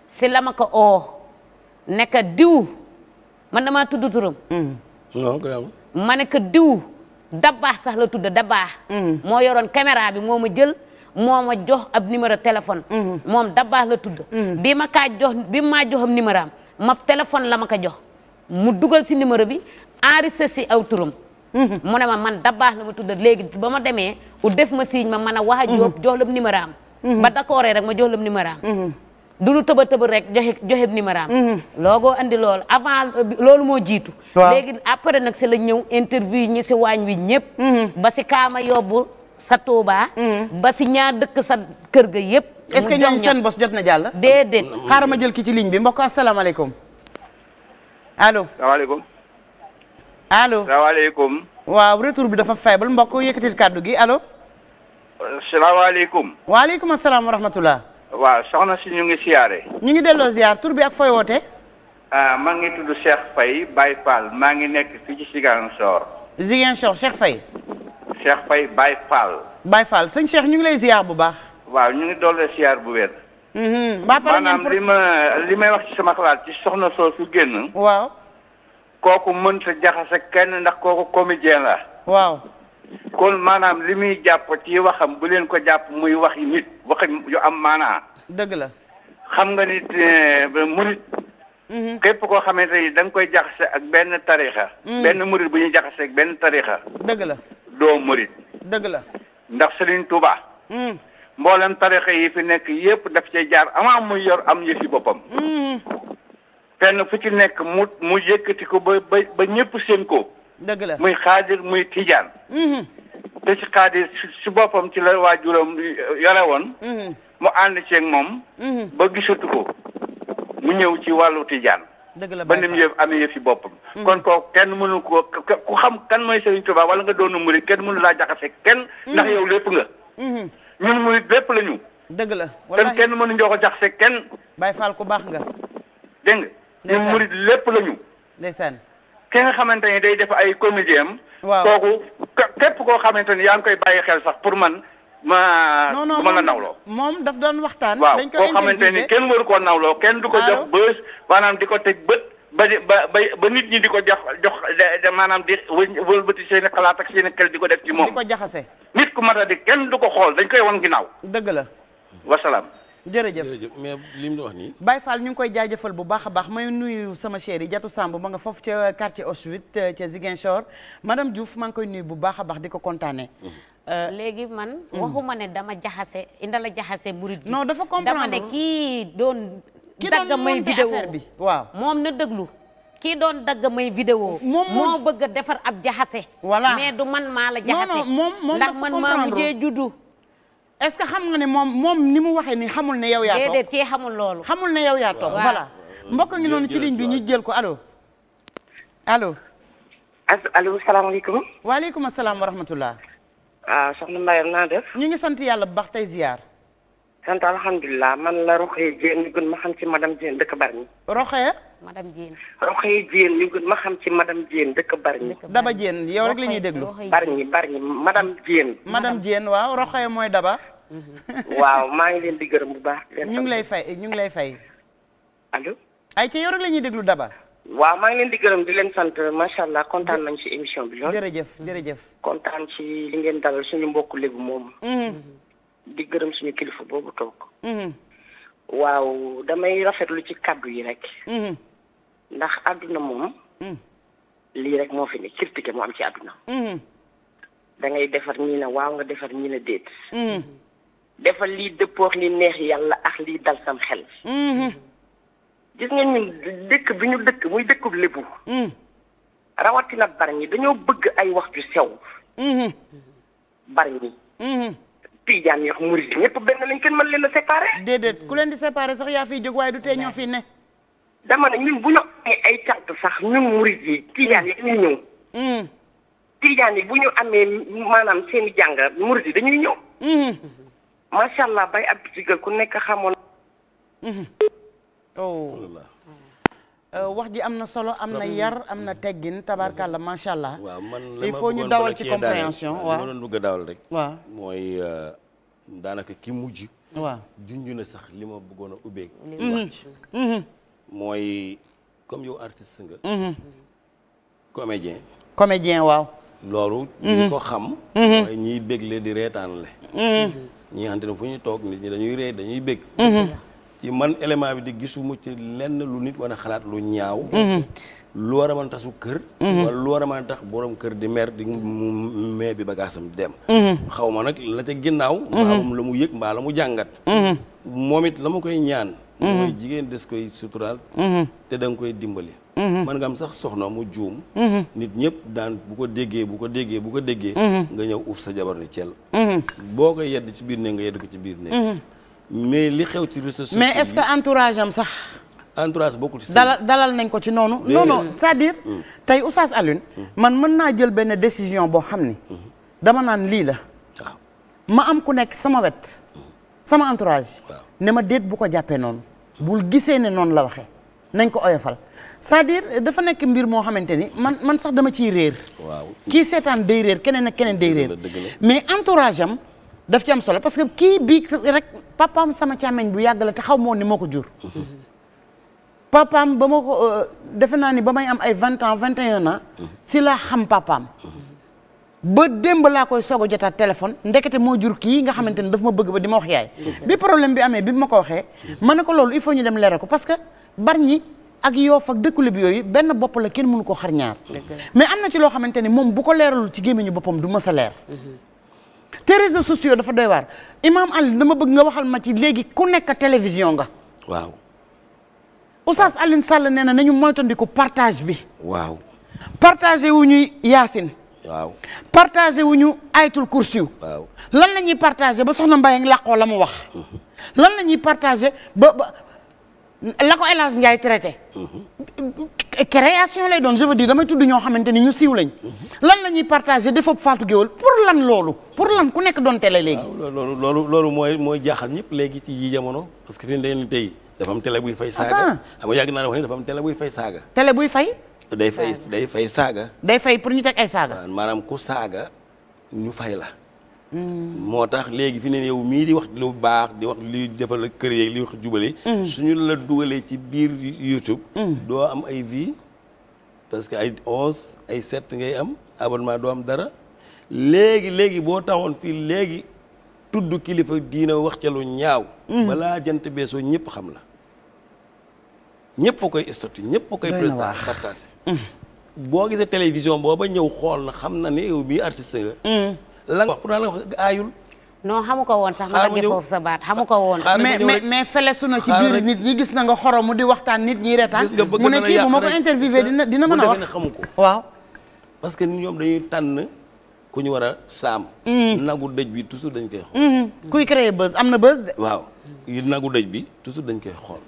si la ma ko oo nekk diw man na tudd turam ma ne ko diw dabbaax sax la tudd dabbaax moo yoroon caméra bi moo ma jël moo ma jox ab numéro téléphone. Mhm. moom dabbaax la tudd. Mhm. ma ka jox bi ma jox am numéro am ma téléphone la ma ko jox mu dugal si numéro bi enregistré si aw turam. Mhm. mu ne ma man dabbaax la ma tudd léegi ba ma demee u def ma signe ma man a wax a jóob jox la numéro am. ba d'accord rek ma jox la numéro am. rek joxe joxe numéro am. loogoo andi loolu moo jiitu. léegi après nag si la ñëw interview ñi si waañ wi ñëpp. ba si kaama yóbbu. sa Touba. Mm. ba si ñaar dëkk sa kër ga yëpp. est ce ñoom seen bos jot na jàll. déedéet xaaral ma jël ki ci ligne bi mbokk asalaamaaleykum allo. salaamaaleykum. allo salaamaaleykum. waaw retour bi dafa faible mbokk yëkkatil kàddu gi allo. salaamaaleykum. waaleykum salaam wa rahmatullah. waa soxna si ñu ngi siyaare. ñu ngi delloo ziar tur bi ak fooy woote. Ah, maa ngi tudd Cheikh Faye Baye Fall maa ngi nekk fii ci Ziguinchor. Ziguinchor Cheikh Faye. Cheikh Faye Baye Fall. Baye Fall sëñ Cheikh ñu ngi lay ziar bu baax. waaw ñu ngi doole ziar bu wér. Mhm. maanaam li ma li may wax ci sama xalaat ci soxna soosu génn. waaw. kooku mënta jaxase kenn ndax kooku comédien la. waaw. kon maanaam li muy jàpp ci waxam bu leen ko jàpp muy waxi nit wax yu am maanaa. dëgg la. xam nga nit eh, murit. Mhm. képp koo xamante ni da nga koy jaxase ak benn tarixa mhm. benn murit bu ñuy jaxase ak benn tarixa dëgg la. doo murit dëgg la ndax Serigne tubaa hmm. mboolem tarixa yi fi nekk yëpp daf cee jaar am muy yor am yëfi boppam. fenn hmm. fu ci nekk mu mu yëkkati ko ba ba ba ñëpp seen ko. dëgg muy xaadir muy tijaan. Hmm. te ci xaadir si boppam ci la waajuram yore woon. mu ànd ceeg moom. ba gisatu ko mu ñëw ci wàllu tiijaan dëgg la ba ni mu yëf amee yëf yi boppam. Mm-hmm. kon ko kenn mënu ko ku xam kan mooy Serigne Touba wala nga doon murid kenn mënu laa jaxase kenn. Mm-hmm. ndax yow lépp nga. Mm-hmm. ñun murid lépp la ñu. dëgg la wallaahi kenn mënu ñoo ko jaxase kenn. Baye Fall ku baax nga. dégg nga. ñun lépp la ñu. ndeysaan. ki nga xamante ni day def ay comédien am. waaw kooku képp koo xamante ni yaa ngi koy bàyyi xel sax pour man. ma non non la nawloo moom daf doon waxtaan. dañ ko waaw koo xamante ni kenn waru koo nawloo kenn du ko jox bës maanaam di ko teg bët. ba di ba ba nit ñi di ko jox jox maanaam di wëlbati seen xalaat ak seen xel di ko def ci moom. di ko jaxase. nit ku mat di kenn du ko xool dañ koy wan ginnaaw. dëgg la. wasalaam. jërëjëf jërëjëf mais li mu wax nii. Baye Fall ñu ngi koy jaajëfal bu baax a baax may nuyu sama chère yi Jatu Samb ma nga foofu ca quartier Auschwitz ca Ziguinchor madame Diouf maa ngi koy bu baax a baax di ko kontaanee. Mhm. Euh, léegi man. Hmm. waxuma ne dama jaxase indala jaxase murit gi. non dafa comprendre dama ne kii doon. ki doon dagg may vidéo bi waaw. moom na déglu. kii doon dagg may vidéo moo bëgg a defar ab jaxase. voilà mais du man maa la jaxase. moom moom ndax man maa mujjee juddu. est ce que xam nga ne moom moom ni mu waxee ni xamul ne yow yaa toog déedéet kii xamul loolu. xamul ne yow yaa toog voilà. mbokk ngi noonu ci ligne bi ñu jël ko allo. allo. allo salaamaaleykum. waaleykum salaam wa rahmatullah. waaw ah, soxna Mbayang naa def. ñu ngi sant yàlla bu baax tey ziar. sant alhamdulilah man la Roxee Dieng ma xam ci madame Dieng dëkk bari Roxee. madame Dieng. Roxee Dieng ma xam ci madame Dieng dëkk Bargny. Daba Dieng yow rek la ñuy déglu. Bargny Bargny madame Dieng. madame Dieng waaw Roxee mooy Daba. (laughs) waaw maa ngi leen di gërëm bu baax. ñu ngi lay fay ñu ngi lay fay. allo. ay ca yow rek la déglu Daba. waaw maa ngi leen di gërëm di leen sant macha allah kontaan nañ ci émission bi. jërëjëf jërëjëf. kontaan ci li ngeen dalal suñu mbokku léegi moom. Mm-hmm. di gërëm suñu kilifa boobu toog. Mm-hmm. waaw damay rafetlu ci kàddu yi rek. Mm-hmm. ndax àdduna moom. Mm. lii rek moo fi ne critiqué moo am ci àdduna. dangay defar ñii ne waaw nga defar ñii ne déet. defal lii dëppoo li neex yàlla ak lii dal sam xel. gis ngeen ñun dëkk bi ñu dëkk muy dëkkub lépp hmm. rawatina Bargny dañoo bëgg ay wax ju sew. Hmm. Bargny. Hmm. Tijaan yi ak murid ñëpp benn lañ kenn mën leen a séparé. déedéet ku leen di séparé sax yaa fiy jóg waaye du tee ñoo fi ne. dama ne ñun bu ñu amee ay cant sax ñun murid yi Tijaan yi dañuy ñëw. Tijaan yi bu ñu amee maanaam seen i jàng murid yi dañuy ñëw. macha allah bay ab digal ku nekk xamoon. oh euh, wax ji am na solo am na yar am na mm-hmm. teggin la macha allah. waaw man il faut ñu dawal ci compréhension waaw rek. waaw mooy euh, daanaka ki mujj. waaw junj na sax li ma bëggoon a ubbee. wax ci mm-hmm. mm-hmm. mooy comme yow artiste nga. comédien. comédien waaw. loolu. ñu ko xam. mooy ñiy bégle di reetaanle. ñi nga xamante fu ñu toog nit ñi dañuy ree dañuy bég. ci man élément bi di gisuma ci lenn lu nit war a xalaat lu ñaaw. Mhm. lu war a mën tasu kër. Mhm. wala lu war a mën tax kër di mer di mu mee bi bagaasam dem. Mhm. xaw ma nag la ca ginnaaw. maamam la mu yëg mbaa la mu jàngat. moom it la ma koy ñaan. mooy jigéen des koy suturaal. te da nga koy dimbali. mën nga am sax soxna mu juum. nit ñëpp daan bu ko déggee bu ko déggee bu ko déggee. nga ñëw uuf sa jabar ni cel boo koy yedd ci biir néeg nga yedd ko ci biir néeg. mais li xew ci réseaux mais est-ce que entourage am sax. entourage bokkul ci dalal dalal nañ ko ci noonu. non non c'est-à-dire. Mm. tey Oustaz Alioune. Mm. man mën naa jël benn décision boo xam ni. Mm. dama naan lii la. ma am ku nekk sama wet. sama entourage. ne ma déet bu ko jàppee noonu. bul gisee ne noonu la waxee. nañ ko oyofal cest à dafa nekk mbir moo xamante ni man man sax dama ciy réer. waaw kii seetaan day réer keneen ak keneen day réer. mais entourage am. daf ci am solo parce que kii bii rek papaam sama càmmeñ bu yàgg la te xaw moo ni moo ko jur papaam ba ma ko euh, defe naa ni ba may am ay vingt ans vingt et un si laa xam papaam ba démb laa koy soog jotaat téléphone ndekete moo jur kii nga xamante ne daf ma bëgg ba di wax yaay bi problème amee bi ma ko waxee ma ne loolu il faut ñu dem leeral ko parce que Bargny ak Yoff ak dëkkule bi yooyu benn bopp la kenn mënu ko xar ñaar mais am na ci loo xamante ni moom bu ko leeralul ci gémmiñu boppam du mës a leer te réseaux sociaux dafa doy waar Imam Alioune dama bëgg nga waxal ma ci léegi ku nekk télévision nga. waaw. Oustaz Alioune Sall nee na nañu moytandiku partage bi. waaw. partagé wu ñuy Yaasin. waaw partagé wu ñu ayatul kursiw. waaw lan la ñuy partagé ba soxna Mbaye làqoo la mu wax. Mhm. lan la ñuy partagé ba ba la ko El Hadj Ndiaye traité. création lay doon je veux damay tudd ñoo xamante ni ñu siiw lañ. lan la ñuy partagé defoo Fatou Guewel pour lan loolu pour lan ku nekk doon télé léegi. loolu loolu mooy mooy jaaxal ñëpp léegi ci yi jamono parce que fi mu ne nii tey dafa am télé buy fay. saaga ah, ah. xam nga naa ne wax ni dafa am télé buy fay saaga. télé buy fay. day fay day fay saaga. day fay pour ñu teg ay saaga. maanaam ku saaga ñu fay la. moo tax léegi fi ne yow mii di wax lu baax di wax li defal la kër yeeg li wax jubale mm. suñu la dugalee ci biir YouTube mm. doo am ay vie parce que ay onze ay set ngay am abonnement doo am dara léegi léegi boo taxoon fii léegi tudd kilifa diina wax ca lu ñaaw mm. balaa jant beesoo ñëpp xam la ñëpp fa koy statut ñëpp fa koy président boo gisee télévision booba ñëw xool na xam na ne yow mii artiste nga la nga wax pour la nga wax aayul. non xamu ko woon sax ma bëggee foofu sa baat xamu ko woon. mais mais mais na ci biir nit ñi gis na nga xoromu di waxtaan nit ñi retaan. mu ne kii bu ma ko interviewé dina dina mën a wax ko. waaw parce que ñoom dañuy tànn ku ñu war a saam. Mm-hmm. nagu dëj bi toujours dañ koy xool. Mm-hmm. kuy créer am na buzz de. waaw nagu dëj bi toujours dañ koy xool.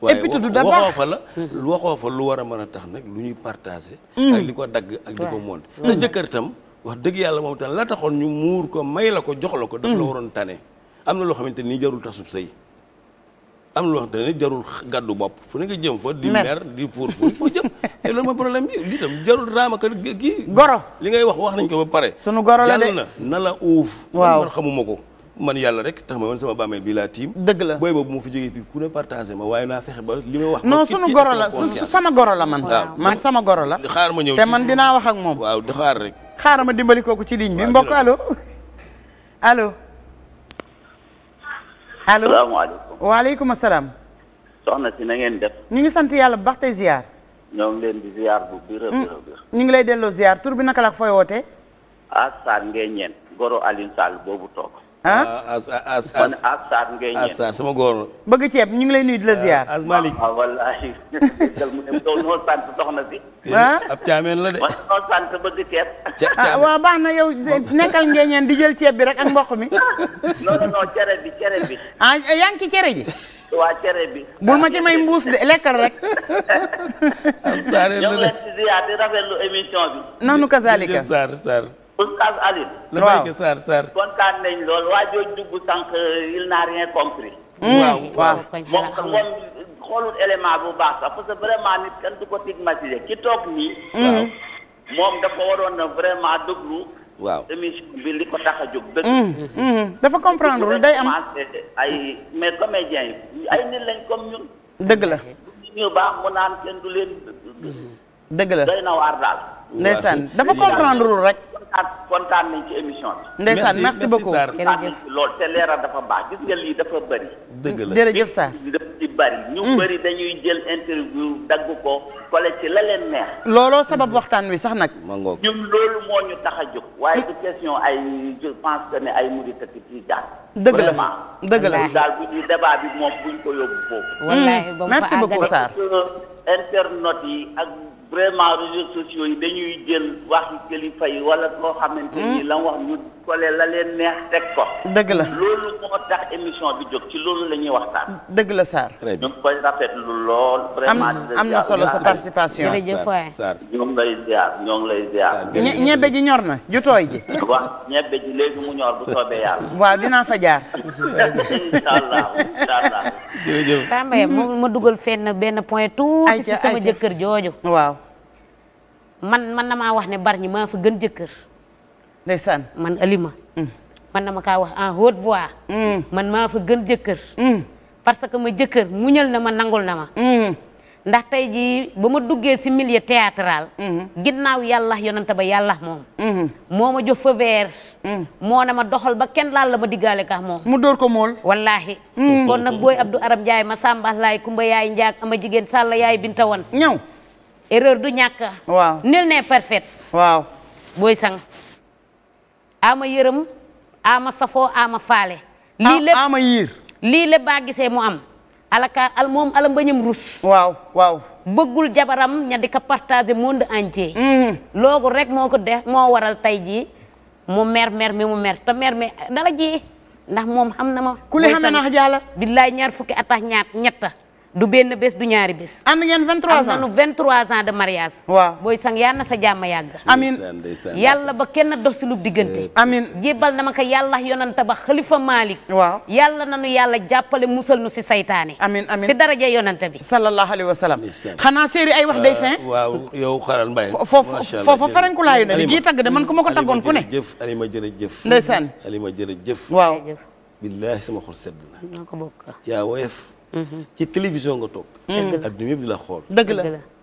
waaye waxoo fa la mm-hmm. waxoo fa lu war a mën a tax nag lu ñuy partagé. ak di ko dagg ak di ko monté sa jëkkër tam. wax dëgg yàlla moom tam la taxoon ñu muur ko may la ko jox la ko. daf la hmm. waroon tane. am na loo xamante nii jarul tasub sëy am na loo xamante ne jarul gàddu bopp fu ne nga jëm fa. di mer di pour fu foo jëm. te (laughs) tam jarul raamaka kii. goro li ngay wax wax nañ ko ba pare. sunu goro la na na la uuf. waaw man ko. man yàlla rek tax ma man sama bàmmeel bi laa tiim. dëgg la booy boobu mu fi jógee fii ku ne partagé ma waaye naa fexe ba li ma wax. non sunu goro la sama goro la man. man sama goro la. xaar ma ñëw ci te man dinaa wax ak moom. waaw xaar rek. xaaral ma dimbali kooku ci ligne bi mbokk allo allo. allo salaamaaleykum waaleykum salaam. soxna si na ngeen def. ñu ngi sant yàlla bu baax tey ziar. ñoo ngi leen di ziar bu biir a biir a biir. Hmm? ñu ngi lay delloo ziar tur bi naka la ak fooy wootee. ah Sane ngay ñeent goro Alioune Sall boobu toog. ah as as as as sama góor. bëgg ceeb ñu ngi lay nuyu di la ah, ziar. as ah wallaahi. loolu sant soxna si. ab caameen la de. man noo sant bëgg ceeb. ah waaw baax na yow nekkal ngeen di jël ceeb bi rek ak mboq mi. (laughs) non non bi cere ah yaa ci cere ji. waa cere bi. bul ma ci may mbuus de lekkal rek. am saareen la de ñoo nanu kazaalika jërëjëf Sarr Oustaz Alioune. waaw la béykat Sarr Sarr. kontaan nañ lool waa jooju dugg sànq il n'a rien compris. Hmm. waaw waaw moom moom xoolul élément bu baax sax parce que vraiment nit kenn du ko stigmatiser ki toog nii. Hmm. moom dafa waroon na vraiment déglu. waaw émission bi li ko tax a jóg. dëgg hmm, dafa comprendre lu day am ay mais comédiens yi ay nit lañ comme ñun. dëgg la. ñu la doy na waar daal. ndeysaan dafa comprendre rek. kontaan kontaan nañ ci émission bi. ndeysaan merci beaucoup jërëjëf lool te leeral dafa baax gis nga lii dafa bëri. dëgg la mm. dañuy jël interview dagg ko collé ci la leen neex. looloo sabab waxtaan wi sax nag. ñun loolu moo ñu tax a jóg. waaye mm. du question ay je pense que ne ay murit ak tijaan. dëgg la dëgg la daal bu ñuy débat bi moom buñ ko yóbbu foofu. Mm. merci beaucoup Sarr internautes yi ak. vraiment réseaux sociaux yi dañuy jël waxi kilifa yi wala koo xamante ni hmm? la wax ñu kole la leen neex teg ko. dëgg la loolu moo tax émission bi jóg ci loolu la ñuy waxtaan. dëgg la Sarr. très lool. vraiment na solo sa participation. ñoo ngi lay ziar ñoo ji ñor na ju tooy ji. (laughs) waaw ñebe ji léegi mu ñor bu soobee yàlla. waaw dinaa fa jaar. incha ma dugal fenn benn point tuuti ci sama jëkkër jooju waaw. man man na maa wax ne Bargny maa fa gën jëkkër. ndeysaan man Alima. Mm. man na ma kaa wax en haute voix. Mm. man maa fa gën jëkkër. Mm. parce que ma jëkkër muñal na ma nangul na ma. ndax tey jii ba ma duggee si milieu théâtral ginnaaw yàlla yonante ba yàlla moom moo ma jox fa weer moo na ma doxal ba kenn laal la ma diggaale kax moom mu door ko mool wallaahi kon nag booy Abdou Arab Ndiaye ma Samba Laay Kumba yaay Njaak ama jigéen Sàlla yaay Binta wan ñëw erreur du ñàkk. waaw nul n'est parfait. waaw booy sang. ama yërëm ama safoo ama faale. lii lépp lii lépp baa gisee mu am. alaka al moom ala mbañam rus. waaw waaw. bëggul jabaram ña di ko partager monde entier. Mm-hmm. moo ko def moo waral tey jii mu mer mer mi mu mer te mer mi dara ji ndax moom xam na ma. ku li xamee jaala. billaay ñaar fukki at ak ñaat ñett. du benn bés du ñaari bés. ànd ngeen 23 ans de mariage. waaw booy sang yal na sa jàmm yàgg. amiin yàlla ba kenn dox si lu diggante. amiin jébbal na ma ko yàlla yonanta ba xalifa Malick. waaw yàlla na nu yàlla jàppale musal nu si saytaane. amiin amiin si daraja yonanta bi. sallallahu alayhi wa sallam. xanaa séeri ay wax day fin. Ah, waaw yow xaaral Mbaye. foofu foofu farankulaayu na li gi tagg de man ku ma ko taggoon ku ne. jërëjëf Alima jërëjëf. ndeysaan Alima jërëjëf. waaw. billaahi sama xol sedd na. yaa woyef Mhm. ci télévision nga toog. adduna yëpp di la xool.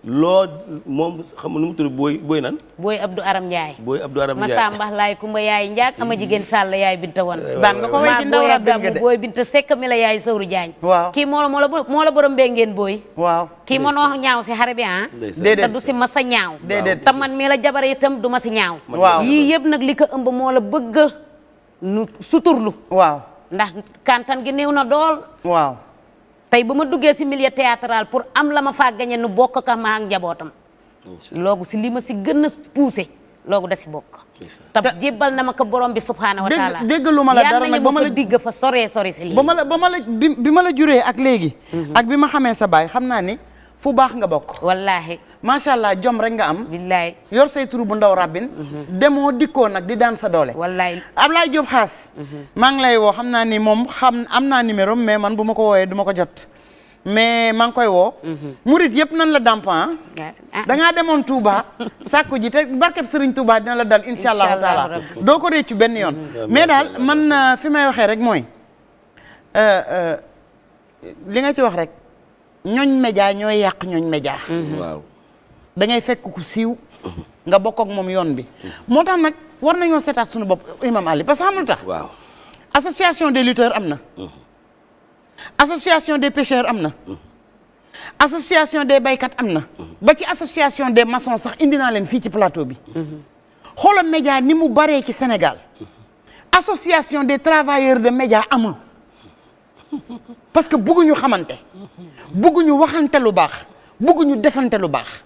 loo moom xam nu mu tudd booy booy nan. booy Abdou Aram Ndiaye. booy Abdou Aram Ndiaye Massa Mbax laay Kumba yaay Ndiak ama jigéen Sall yaay Binta wan. daan nga ko way ci ndaw la dëgg de booy Binta Seck mi la yaay Sowru Diagne. kii moo la moo la moo bee ngeen booy. waaw kii mënoo ñaaw si xare bi ah. déedéet te du si ma sa ñaaw. déedéet te man mii la jabare itam du ma si ñaaw. waaw yii yëpp nag li ko ëmb moo la bëgg nu suturlu. waaw ndax kantan gi néew na dool waaw tey ba ma duggee si milieu théâtral pour am la ma faa gañe nu bokk ka ma ak njabootam loogu si li ma si gën a poussé loogu da si bokk te jébbal na ma ko borom bi subhaanahu wa taala déggalu ma la dara nag ba ma la digg fa sore sori si lii ba ma la ba ma la bi ma la juree ak léegi mhm. ak bi ma xamee sa baay xam naa ni fu baax nga bokk wallaahi macha allah jom rek nga am. billaay yor say turu bu ndaw rabbin. Mhm. demoo dikkoo nag di daan sa doole. wallaay Ablaye Diop xaas. Mhm. maa ngi lay woo xam naa ni moom xam am naa numéro mais man bu ma ko woowee du ma ko jot. mais maa ngi koy woo. Mhm. murit yëpp nan la dampan ah? ah. da ngaa demoon Touba. (laughs) sàkku ji te barkeb Serigne Touba dina la dal incha allahu taala doo ko dee ci benn yoon. mais daal man euh, fi may waxee rek mooy. Euh, euh, li nga ci wax rek ñooñ média ñooy yàq ñooñ média. waaw. da fekk ku siiw nga bokk moom yoon bi moo tax nag war nañoo seetaat suñu bopp imam Ali parce que xamul tax waaw association des lutteurs am na association des pêcheurs am na association des baykat am na ba ci association des maçons sax indi naa leen fii ci plateau bi xoolal média ni mu baree ci Sénégal association des travailleurs de média amul parce que bëgguñu xamante bëgguñu waxante lu baax bëgguñu defante lu baax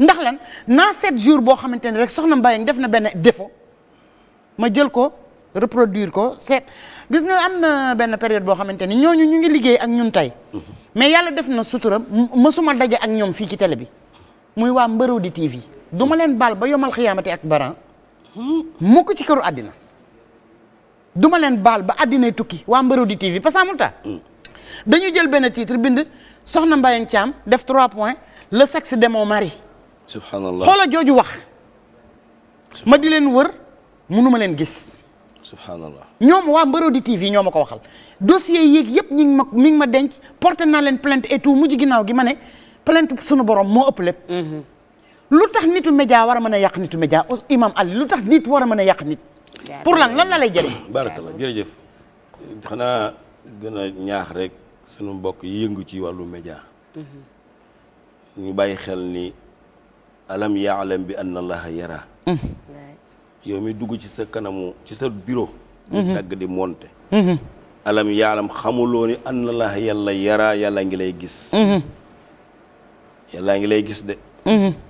ndax lan naa seet jour boo xamante ne rek soxna Mbayang def na benn défaut ma jël ko reproduire ko set gis nga am na benn période boo xamante ni ñooñu ñu ngi liggéey ak ñun tey mais yàlla def na ma suma daje ak ñoom fii ci tele bi muy waa Marodi TV du ma leen baal ba yomal xiyaamati ak baran mukk ci këru àddina duma leen baal ba àddinay tukki waa Marodi TV parce que amul ta dañu jël benn titre bind soxna Mbayang Thiam def trois points le sexe de mon mari subhanallah xoola jooju wax. ma di leen wër mënuma leen gis. subhanallah ñoom waa Marodi TV ñoom ma ko waxal dossier yéeg yëpp ñi ma mi ngi ma denc porte naa leen plainte et tout mujj ginnaaw gi ma ne plainte sunu borom moo ëpp lépp. Mhm. lu tax nitu média war a mën a yàq nitu média imam Ali lu tax nit war a mën a yàq nit. pour lan lan la lay jëlee. (coughs) barakallah jërëjëf. xanaa gën a ñaax rek sunu mbokk yi yëngu ci wàllu média. Mhm. ñu bàyyi xel ni. alam yaalam bi anna a yara mm. yow mi dugg ci sa kanamu ci sa bureau di mm-hmm. dagg di monte mm-hmm. alam yaalam xamuloo ni anna allaha yàlla yara yàlla ngi lay gis mm-hmm. yàlla ngi lay gis de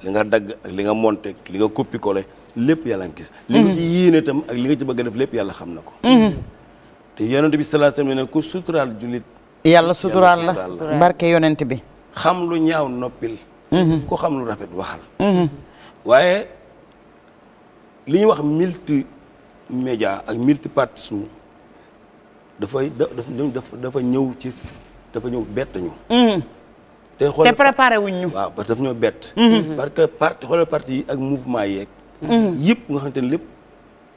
li nga dagg ak li nga monte li nga coppi collé lépp yàlla ngi gis li nga ci yéene itam ak li nga ci bëgg def lépp yàlla xam na ko te yonent bi sallallahu alayhi wasallam ne suturaal jullit yàlla suturaal la barke yonent bi xam lu ñaaw noppil Mm-hmm. ku xam lu rafet waxal. Mm-hmm. waaye li ñuy wax multi média ak multipartisme dafay dafa dafa ñëw ci dafa ñëw bett ñu. Mm-hmm. te préparé wuñ ñu. waaw parce que dafa ñëw bett. parce que parti xoolal parti yi ak mouvement yeeg. yëpp nga xamante ne lépp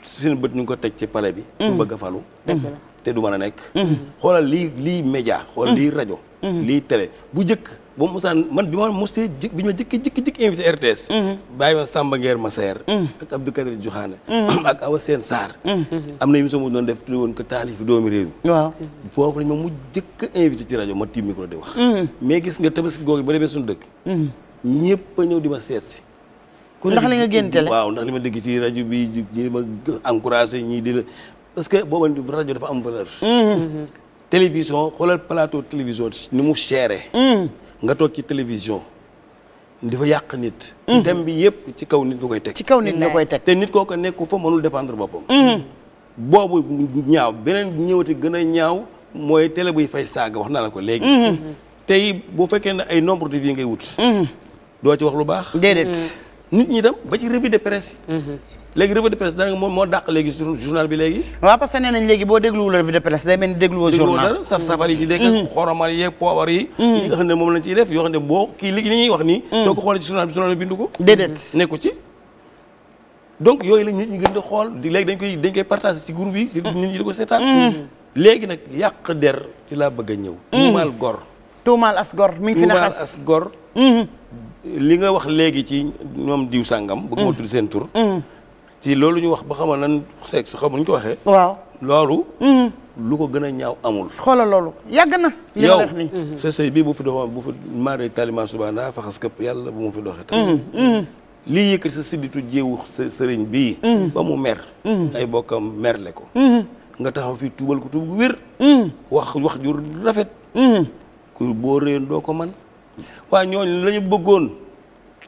seen bët ñu ko teg ci palais bi. ñu bëgg a falu. te du mën a nekk. Mhm. xoolal lii lii média. xoolal mhm. lii rajo. Mhm. lii télé bu njëkk ba Moussane man bi ma mosee jë bi ma jëkki jëkki jëkki invité RTS. bàyyi ma Samba Nguer Massaer. ak Abdou Kader Diokhane. (clears throat) ak a Sène Sarr. am na émission bu doon def tuuti woon ko taalif doomi réew mi. waaw foofu lañ ma mu jëkk invité ci rajo ma tiim micro di wax. mais gis nga tabaski googu ba demee suñu dëkk. ñëpp a ñëw di ma seet si. ndax li nga génn télé waaw ndax li ma dégg ci rajo bi ñii parce que boo xamante rajo dafa am valeur. Mm-hmm. télévision xoolal plateau télévision ni mu chéré. Mm-hmm. nga toog ci télévision. dafa yàq nit. Mm-hmm. thème bi yëpp ci kaw nit nga koy teg. ci kaw nit nga te nit koo ko nekk fa mënul défendre boppam. boobu ñaaw beneen ñëwati gën a ñaaw mooy télé buy fay saaga wax naa la ko léegi. tey bu fekkee ne ay nombre de vie ngay wut. doo ci wax lu baax. déedéet. nit ñi dem ba ci revue de presse mhm. léegi revue de presse dana moom moo dàq léegi journal bi léegi. waaw parce nee nañ léegi boo dégluwul revue de presse day mel dégluwoo journal dara saf safal yi ci dégg. Mhm. xoromal yeeg poobar yi. Mhm. yi nga xam ne moom lañ ciy def yoo xam ne boo kii li ñuy wax nii. soo ko xoolee ci journal bi journal bi nekku ci. donc yooyu la nit ñi gën di xool di léegi dañ koy dañ koy partagé ci groupe yi. nit ñi di ko seetaan. léegi nag yàq der ci laa bëgg a ñëw. tuumaal gor. tuumaal as gor mi ngi fi naxas tuumaal li nga wax léegi ci ñoom diw sàngam. bëgg mm. moo tudd seen tur. Mm. ci loolu ñu wax ba xamal nan sexe xamu ñu ko waxee. waaw loolu. Mm. lu ko gën a ñaaw amul. xoolal loolu yàgg na. li ma def nii yow mm-hmm. sa sëy bii bu fi doxoon bu fi maaree talimaa a faxas këpp yàlla bu mu fi doxee. tas mm-hmm. Mm-hmm. lii yëkkati sa sidditu jéewu sëriñ bii. ba mu mer. ay bokkam merle ko. nga taxaw fii tuubal ko tuub gu wér. wax wax ju rafet. ku boo réen doo ko man waaye ñooñu la ñu bëggoon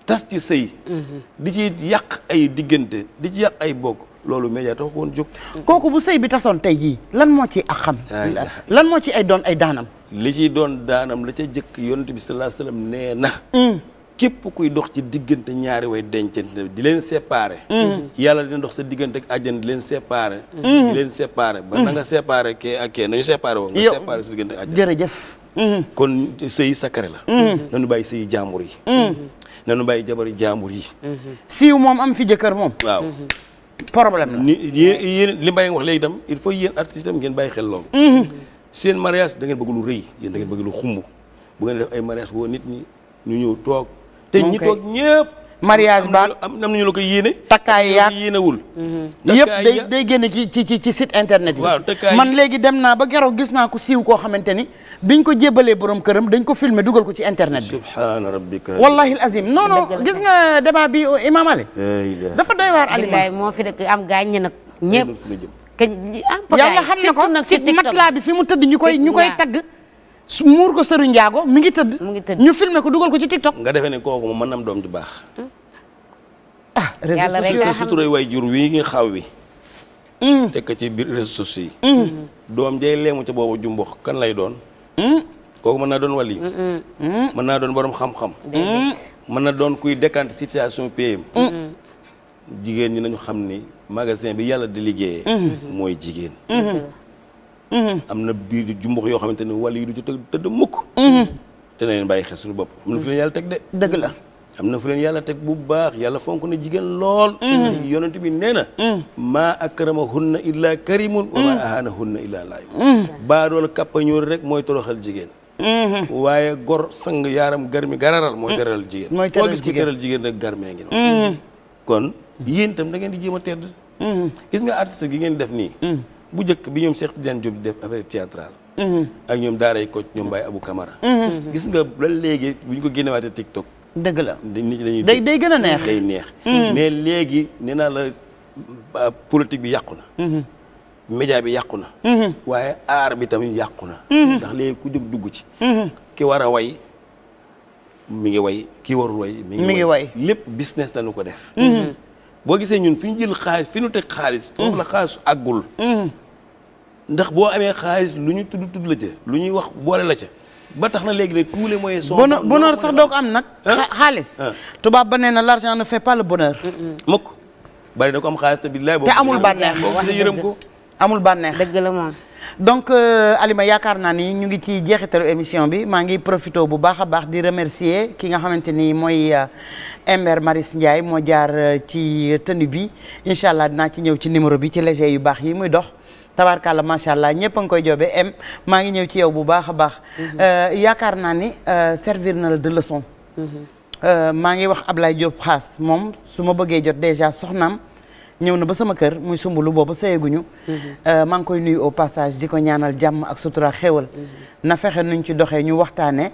tas ci sëy mhm. di ci yàq ay diggante di ci yàq ay bokk loolu média tax woon jóg kooku bu sëy bi tasoon tey jii lan moo ci ak xam lan moo ci ay doon ay daanam li ciy doon daanam la ca jëkk yonent bi sallallahu alayhi wasallam nee na mm. képp kuy dox ci diggante ñaari way dencante di leen séparé mm. yàlla dina ndox sa diggante ak àjjana leen séparé di leen séparé mm. ba na nga séparé kee ak kee nañu séparé woo nga séparé sa diggante ak àjjana jërëjëf kon sëy sacré la. Mm-hmm. nañu bàyyi sëy jaambur yi. Mm-hmm. nañu bàyyi jabar jaambur yi. Mm-hmm. siiw moom am fi jëkkër moom. waaw problème la. ni yéen li Mbaye wax lay dem il faut yéen artistes itam ngeen bàyyi xel loolu. seen mariage da ngeen bëgg lu rëy yéen da bëgg lu xumb bu ngeen def ay mariage woo nit ñi ñu ñëw toog. te ñi toog ñëpp. mariage ba am na ñu la ko yéene. takkaay yaag yéenewul. Mhm. yëpp day day génn ci ci ci site internet yi. man léegi dem naa ba keroog gis naa ko siiw koo xamante ni biñ ko jébalee borom këram dañ ko filmer dugal ko ci internet bi. subhaana rabbika wallahi alazim non gis nga débat bi oh, Imam Ali. dafa day waar Aliouma moo fi dëkk am gaañ nag ñëpp. yàlla xam na ko ci matelas bi fi mu tëdd ñu koy ñu koy tagg. su muur ko sëru njaago mi ngi tëdd. mu ngi tëdd ñu filmé ko dugal ko ci TikTok. nga defee ne kooku mën na am doom ju baax. Hmm? ah réseaux sociaux jur wi nga xaw wi. Hmm. teg ci biir réseaux sociaux yi. Hmm. doom jay leemu ca boobu jumbox kan lay doon. kooku mën naa doon wali. mën naa doon borom xam-xam. mën na doon kuy décanter situation PM. jigéen ñi nañu xam ni magasin bi yàlla di liggéeye mooy jigéen. Mhm. am na biir jumbux yoo xamante ne wàll yi du ci tëdd mukk dana mhm. leen bàyyi xel suñu bopp am na fu leen yàlla teg de dëgg la am na fu leen yàlla teg bu baax yàlla fonk na jigéen lool mhm. ndax yonent bi nee na maa akramahunna illaa karimun wa maa ahanahunna illaa laayu baadool kàppañóor rek mooy toroxal jigéen waaye gor sang yaaram garmi gararal mooy teral jigéen moo gis ku teral jigéen rek garmee ngi noonu kon yéen itam da di jéem a tedd gis nga artiste gi ngeen def nii bu njëkk bi ñoom Cheikh Tidiane Diop di def affaire théâtrale mm-hmm. ak ñoom daaray Kocc ñoom Baye Abou Camara mm-hmm. gis nga ba léegi bu ñu ko génnewaatee TikTok dëgg la nit ñi dañuy day gën a neex day mm-hmm. léegi nee la politique bi yàqu na média bi yàqu na waaye aar bi tamit yàqu na ndax léegi ku jóg dugg ci ki war a way mi ngi way ki warul way mi ngi way lépp business lañu ko def boo gisee ñun fi ñu jël xaalis fi ñu teg xaalis foofu la xaalis àggul ndax boo amee xaalis lu ñu tudd tudd la ca lu ñuy wax boole la ca ba tax na léegi nag tous les moyens sont bonheur sax doo ko am nag xaalis tubaab ba nee na l'argent ne fait pas le bonheur mukk bari na ko am xaalis te billaay boo te amul bànneex boo gisee yërëm ko amul bànneex dëgg la moom donc euh, Alima yaakaar naa ni ñu ngi ci jeexitalu émission bi maa ngi profité bu baax a baax di remercier ki nga xamante ni mooy euh, Mber Maris Ndiaye moo jaar euh, ci tenue bi incha allah dinaa ci ñëw ci numéro bi ci léger yu baax yi muy dox tabarkàlla macha allah ñëpp a ngi koy joobee em maa ngi ñëw ci yow bu baax a baax. Mhm. Euh, yaakaar naa ni euh, servir na la de leçon. Mhm. Euh, maa ngi wax Ablaye Diop xaas moom su ma bëggee jot déjà soxnaam ñëw na ba sama kër muy sumbulu boobu seeyaguñu. Mhm. maa ngi koy nuyu au passage di ko ñaanal jàmm ak sutura xéwal. na fexe nuñ ci doxee ñu waxtaanee.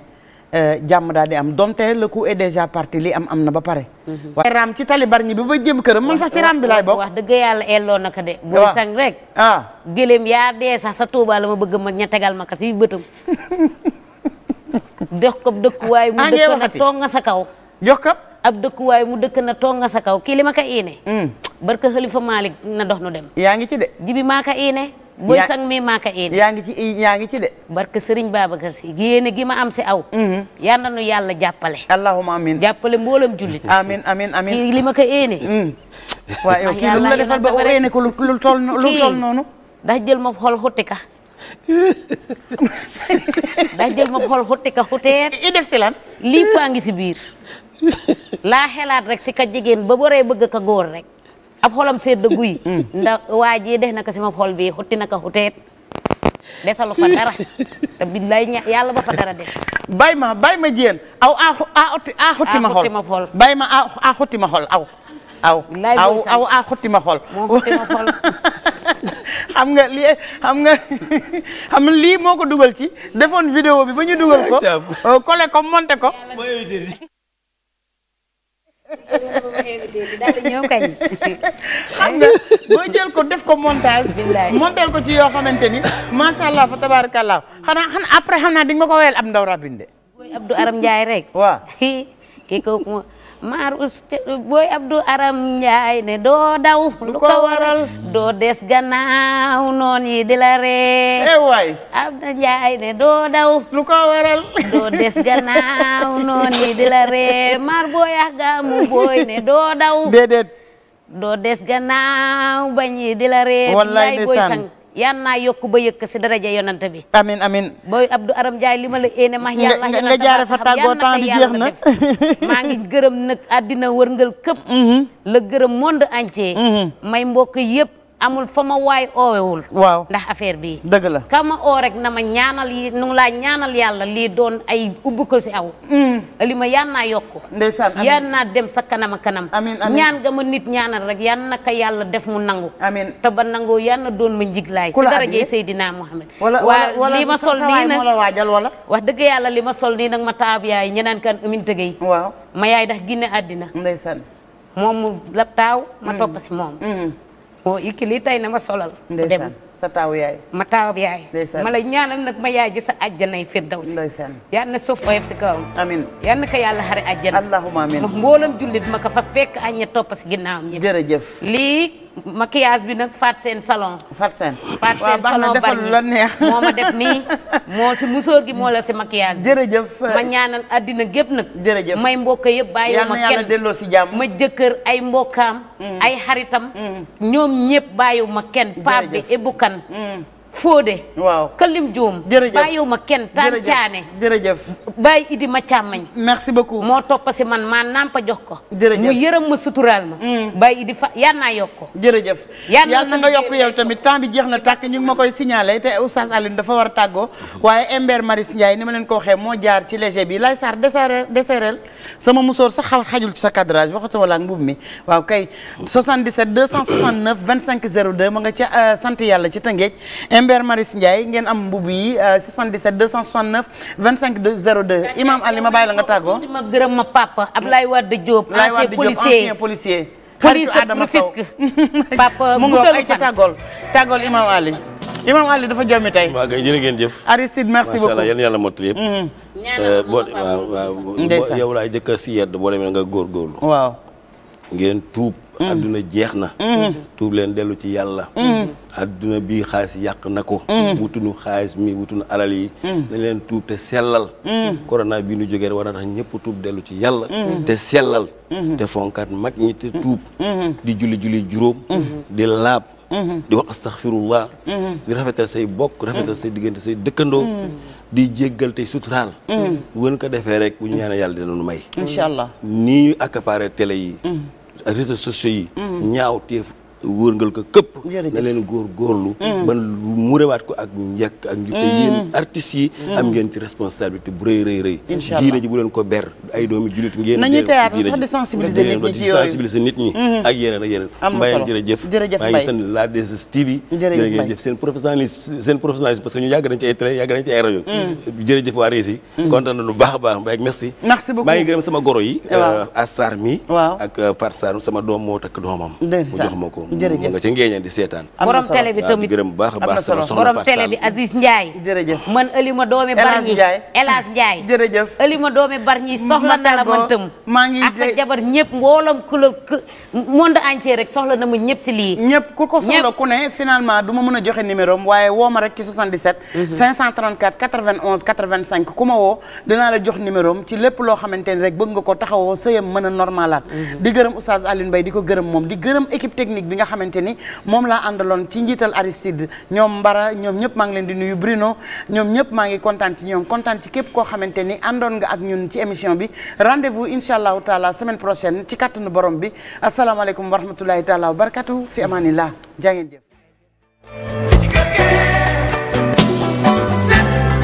Euh, jàmm daal di am donte le coup est déjà parti li am am na ba pare. Mhm. waaye raam ci tali bar ñi bi ba jëm këram man sax ci raam bi laay bokk. wax dëgg yàlla elloo naka de. waaw booy sang rek. ah gëlëm yaa dee sax sa Touba la ma bëgg ma ña tegal ma si bëtam. (laughs) jox ko dëkkuwaay mu ah, toog nga sa kaw. jox ko ab dëkkuwaay mu dëkk na toog nga sa kaw kii li ma ko iine. Hmm. barka Xalifa Malick na dox nu dem. yaa ngi ci de. jibi maa ko iine. boy sang mi maa ko yaa ngi ci yaa ngi ci de barke Serigne Babacar Sy yéene gi ma am si aw mhm. yal na yàlla jàppale allahumma amin jàppale mboolem jullit amin amin amin kii li ma ko yéene mm. waaw yow (laughs) kii lu mu ko lu lu toll noonu ndax jël ma xol xutti ka (laughs) ndax jël ma xol xutti ka i def si lan lii paa ngi si biir (laughs) laa xelaat rek si ka jigéen ba boree bëgg ka góor rek ab xolam sedd guy. Mm. ndax waa ji def na ko sama xol bi xutti na ko xuteet. desalu fa dara te billaay yàlla ba fa dara des. bay ma bay ma jéen aw a a xutti ma xol ma xol bay ma a xutti ma xol aw. aw aw a xutti ma xol. moo xutti ma xol. (laughs) (laughs) xam nga lii moo ko dugal ci defoon vidéo bi ba ñu dugal ko. Euh, collé ko monté ko. (laughs) xam nga boo jël ko def ko montage. montel ko ci yoo xamante ni macha allah fa tabarakallah xanaa xanaa après xam naa di ma ko wéyal ab ndaw rabinde. mooy Abdou Aram Ndiaye rek. waaw (laughs) kii kooku maar uste booy Abdou Aram Njaay ne doo daw lu ko waral doo des gannaaw (laughs) noon yi di la ree eh Njaay ne doo daw lu ko waral doo des gannaaw noon yi di la maar booy ax booy ne doo daw déedéet doo des gannaaw bañ yi di la ree wallaay yal naa yokk ba yëkk si daraja yonante bi amin amin booy Abdou Aram Ndiaye li ma la éene max yàlla nga jaare fa tàggoo temps bi jeex na maa ngi gërëm nag àddina wërngal këpp (laughs) mhm. la gërëm monde entier mhm. may mbokk yëpp amul fa ma waay oowewul waaw ndax affaire bi dëgg la ka ma oo rek na ma ñaanal yi nu laa ñaanal yàlla lii doon ay ubbi ko si aw mm. li ma yaan naa yokk ndeysaan yaan naa dem sa kanam a ñaan nga ma nit ñaanal rek yaan na yàlla def mu nangu amiin te ba nangoo yaan na doon ma njiglaay si daraje Seydina Muhammad waa li ma sol nii waajal wala wax dëgg yàlla li ma sol nii nag ma taab yaay ñeneen kan amin tëgey waaw ma yaay ndax ginne àddina ndeysaan moom mu la taaw ma mm. topp si moom mm. moo ikili tey na ma solal. ndeysaan sa taaw yaay ma taaw yaay ma la ñaanal nag ma yaay ji sa àjjanay firdaws ndeysaan yal na suuf oyof si kawam amiin yal na ko yàlla xare àjjana allahumma amiin ndax jullit ma ko fa fekk añña topp si ginnaawam ñëpp bi nag Fatou Sène salon Fatou Sène Fatou Sène salon defal lu la neex ma def nii moo si musóor gi moo la si maquillage bi ma ñaanal addina gépp nag jërëjëf may mbokk yëpp bàyyi ma kenn delloo si jàmm ma jëkkër ay mbokkaam mm. ay xaritam mm. ñoom ñëpp bàyyiwu ma kenn pape bi kan mm. Fodé. waaw Kalim Dioum. jërëjëf bàyyiwuma kenn Tane Thiané. jërëjëf bàyyi Idi ma càmmañ. merci beaucoup moo toppa si man maa nampa jox ko. jërëjëf mu yërëm ma suturaal ma. Mm. bàyyi Idi fa yal naa yokk ko. jërëjëf yal na nga yokk yow tamit temps bi jeex na tàkk ñu ma koy signalé te Oustaz Alioune dafa war a tàggoo waaye Ember Maris Ndiaye ni ma leen ko waxee moo jaar ci léger bi lay Sarr desereel desereel sama musóor sax xajul ci sa cadrage waxatuma la ak mbubb mi waaw kay 77 269 25 02 ma nga ca euh, sant yàlla ci Tëngéej Imbert Maris Ndiaye ngeen am mbubb yi euh, Imam Ali ma bàyyi la nga tàggoo. ma gërëm ma papa Ablaye Wade Diop. ancien policier ancien policier. xaritu Adama Sow (laughs) papa mu ngoog ay ca tàggool tàggool Imam Ali. Imam Ali dafa jommi tey. Mm-hmm. Euh, waaw kay jërë ngeen si yedd boo demee nga góorgóorlu. waaw ngeen tuub. Mm. adduna jeex na mm. Mm. tuub leen dellu ci yàlla adduna bii xaalis yàq na ko wutunu xaalis mi wutunu alal yi nañ leen tuub te sellal corona bii nu jógee na tax ñëpp tuub dellu ci yàlla te sellal te fonkaat mag ñi te tuub di julli juróom di laab di wax astaghfirullah di rafetal say bokk rafetal say diggante say dëkkandoo di jéggal tey suturaal wën ko defee rek bu ñu ñaanee yàlla dina nu may nii ñu accaparé télé yi réseaux sociaux yi mm-hmm. ñaaw téef wërngal ko këpp na leen góor góorlu mm-hmm. ban mu rewaat ko ak njëkk ak njub te mm-hmm. yéen artistes yi mm-hmm. am ngeen ci responsabilité bu rëy rëy rëy diine ji bu leen ko ber ay doomi julit ngeen nañu théâtre sax di sensibiliser nit ñi ci yooyu sensibiliser nit ñi ak seen professionnalisme seen professionnalisme parce que ñu yàgg nañ ci ay télé yàgg nañ ci mm. waa Rési mm. kontaan nañu baax a baax Mbaye merci merci beaucoup sama goro yi euh, Assar mi ak euh, Fat sama doom moo takk doomam mu jox ma ko jërëjëf mu nga ca ngéeñeen di seetaan borom télé bi tamit gërëm baax a baax sama soxna borom bi Aziz Ndiaye man Alima doomi Barñi Elas Ndiaye jërëjëf Alima doomi Barñi soxla na la man tam maa jabar ñëpp mbooloom club monde entier soxla na mu ñëpp si lii ñëpp ku ko soxla ku ne finalement du ma a joxe numéro am waaye woo ma rek ci 77 534 91 85 ku ma woo dinaa la jox numéro am ci lépp loo xamante ni rek bëgg nga ko taxawoo a normalaat mhm. nga xamante ni moom laa àndaloon ci njiital Aristide ñoom Mbara ñoom ñëpp maa ngi leen di nuyu Bruno ñoom ñëpp maa ngi kontaan ci ñoom kontaan ci képp koo xamante ni àndoon nga ak ñun ci émission bi rendez-vous incha allahu taala semaine prochaine ci kàttanu borom bi asalaamaaleykum wa rahmatulahi taala wa barakatu fi amaanillah jaa ngeen jëf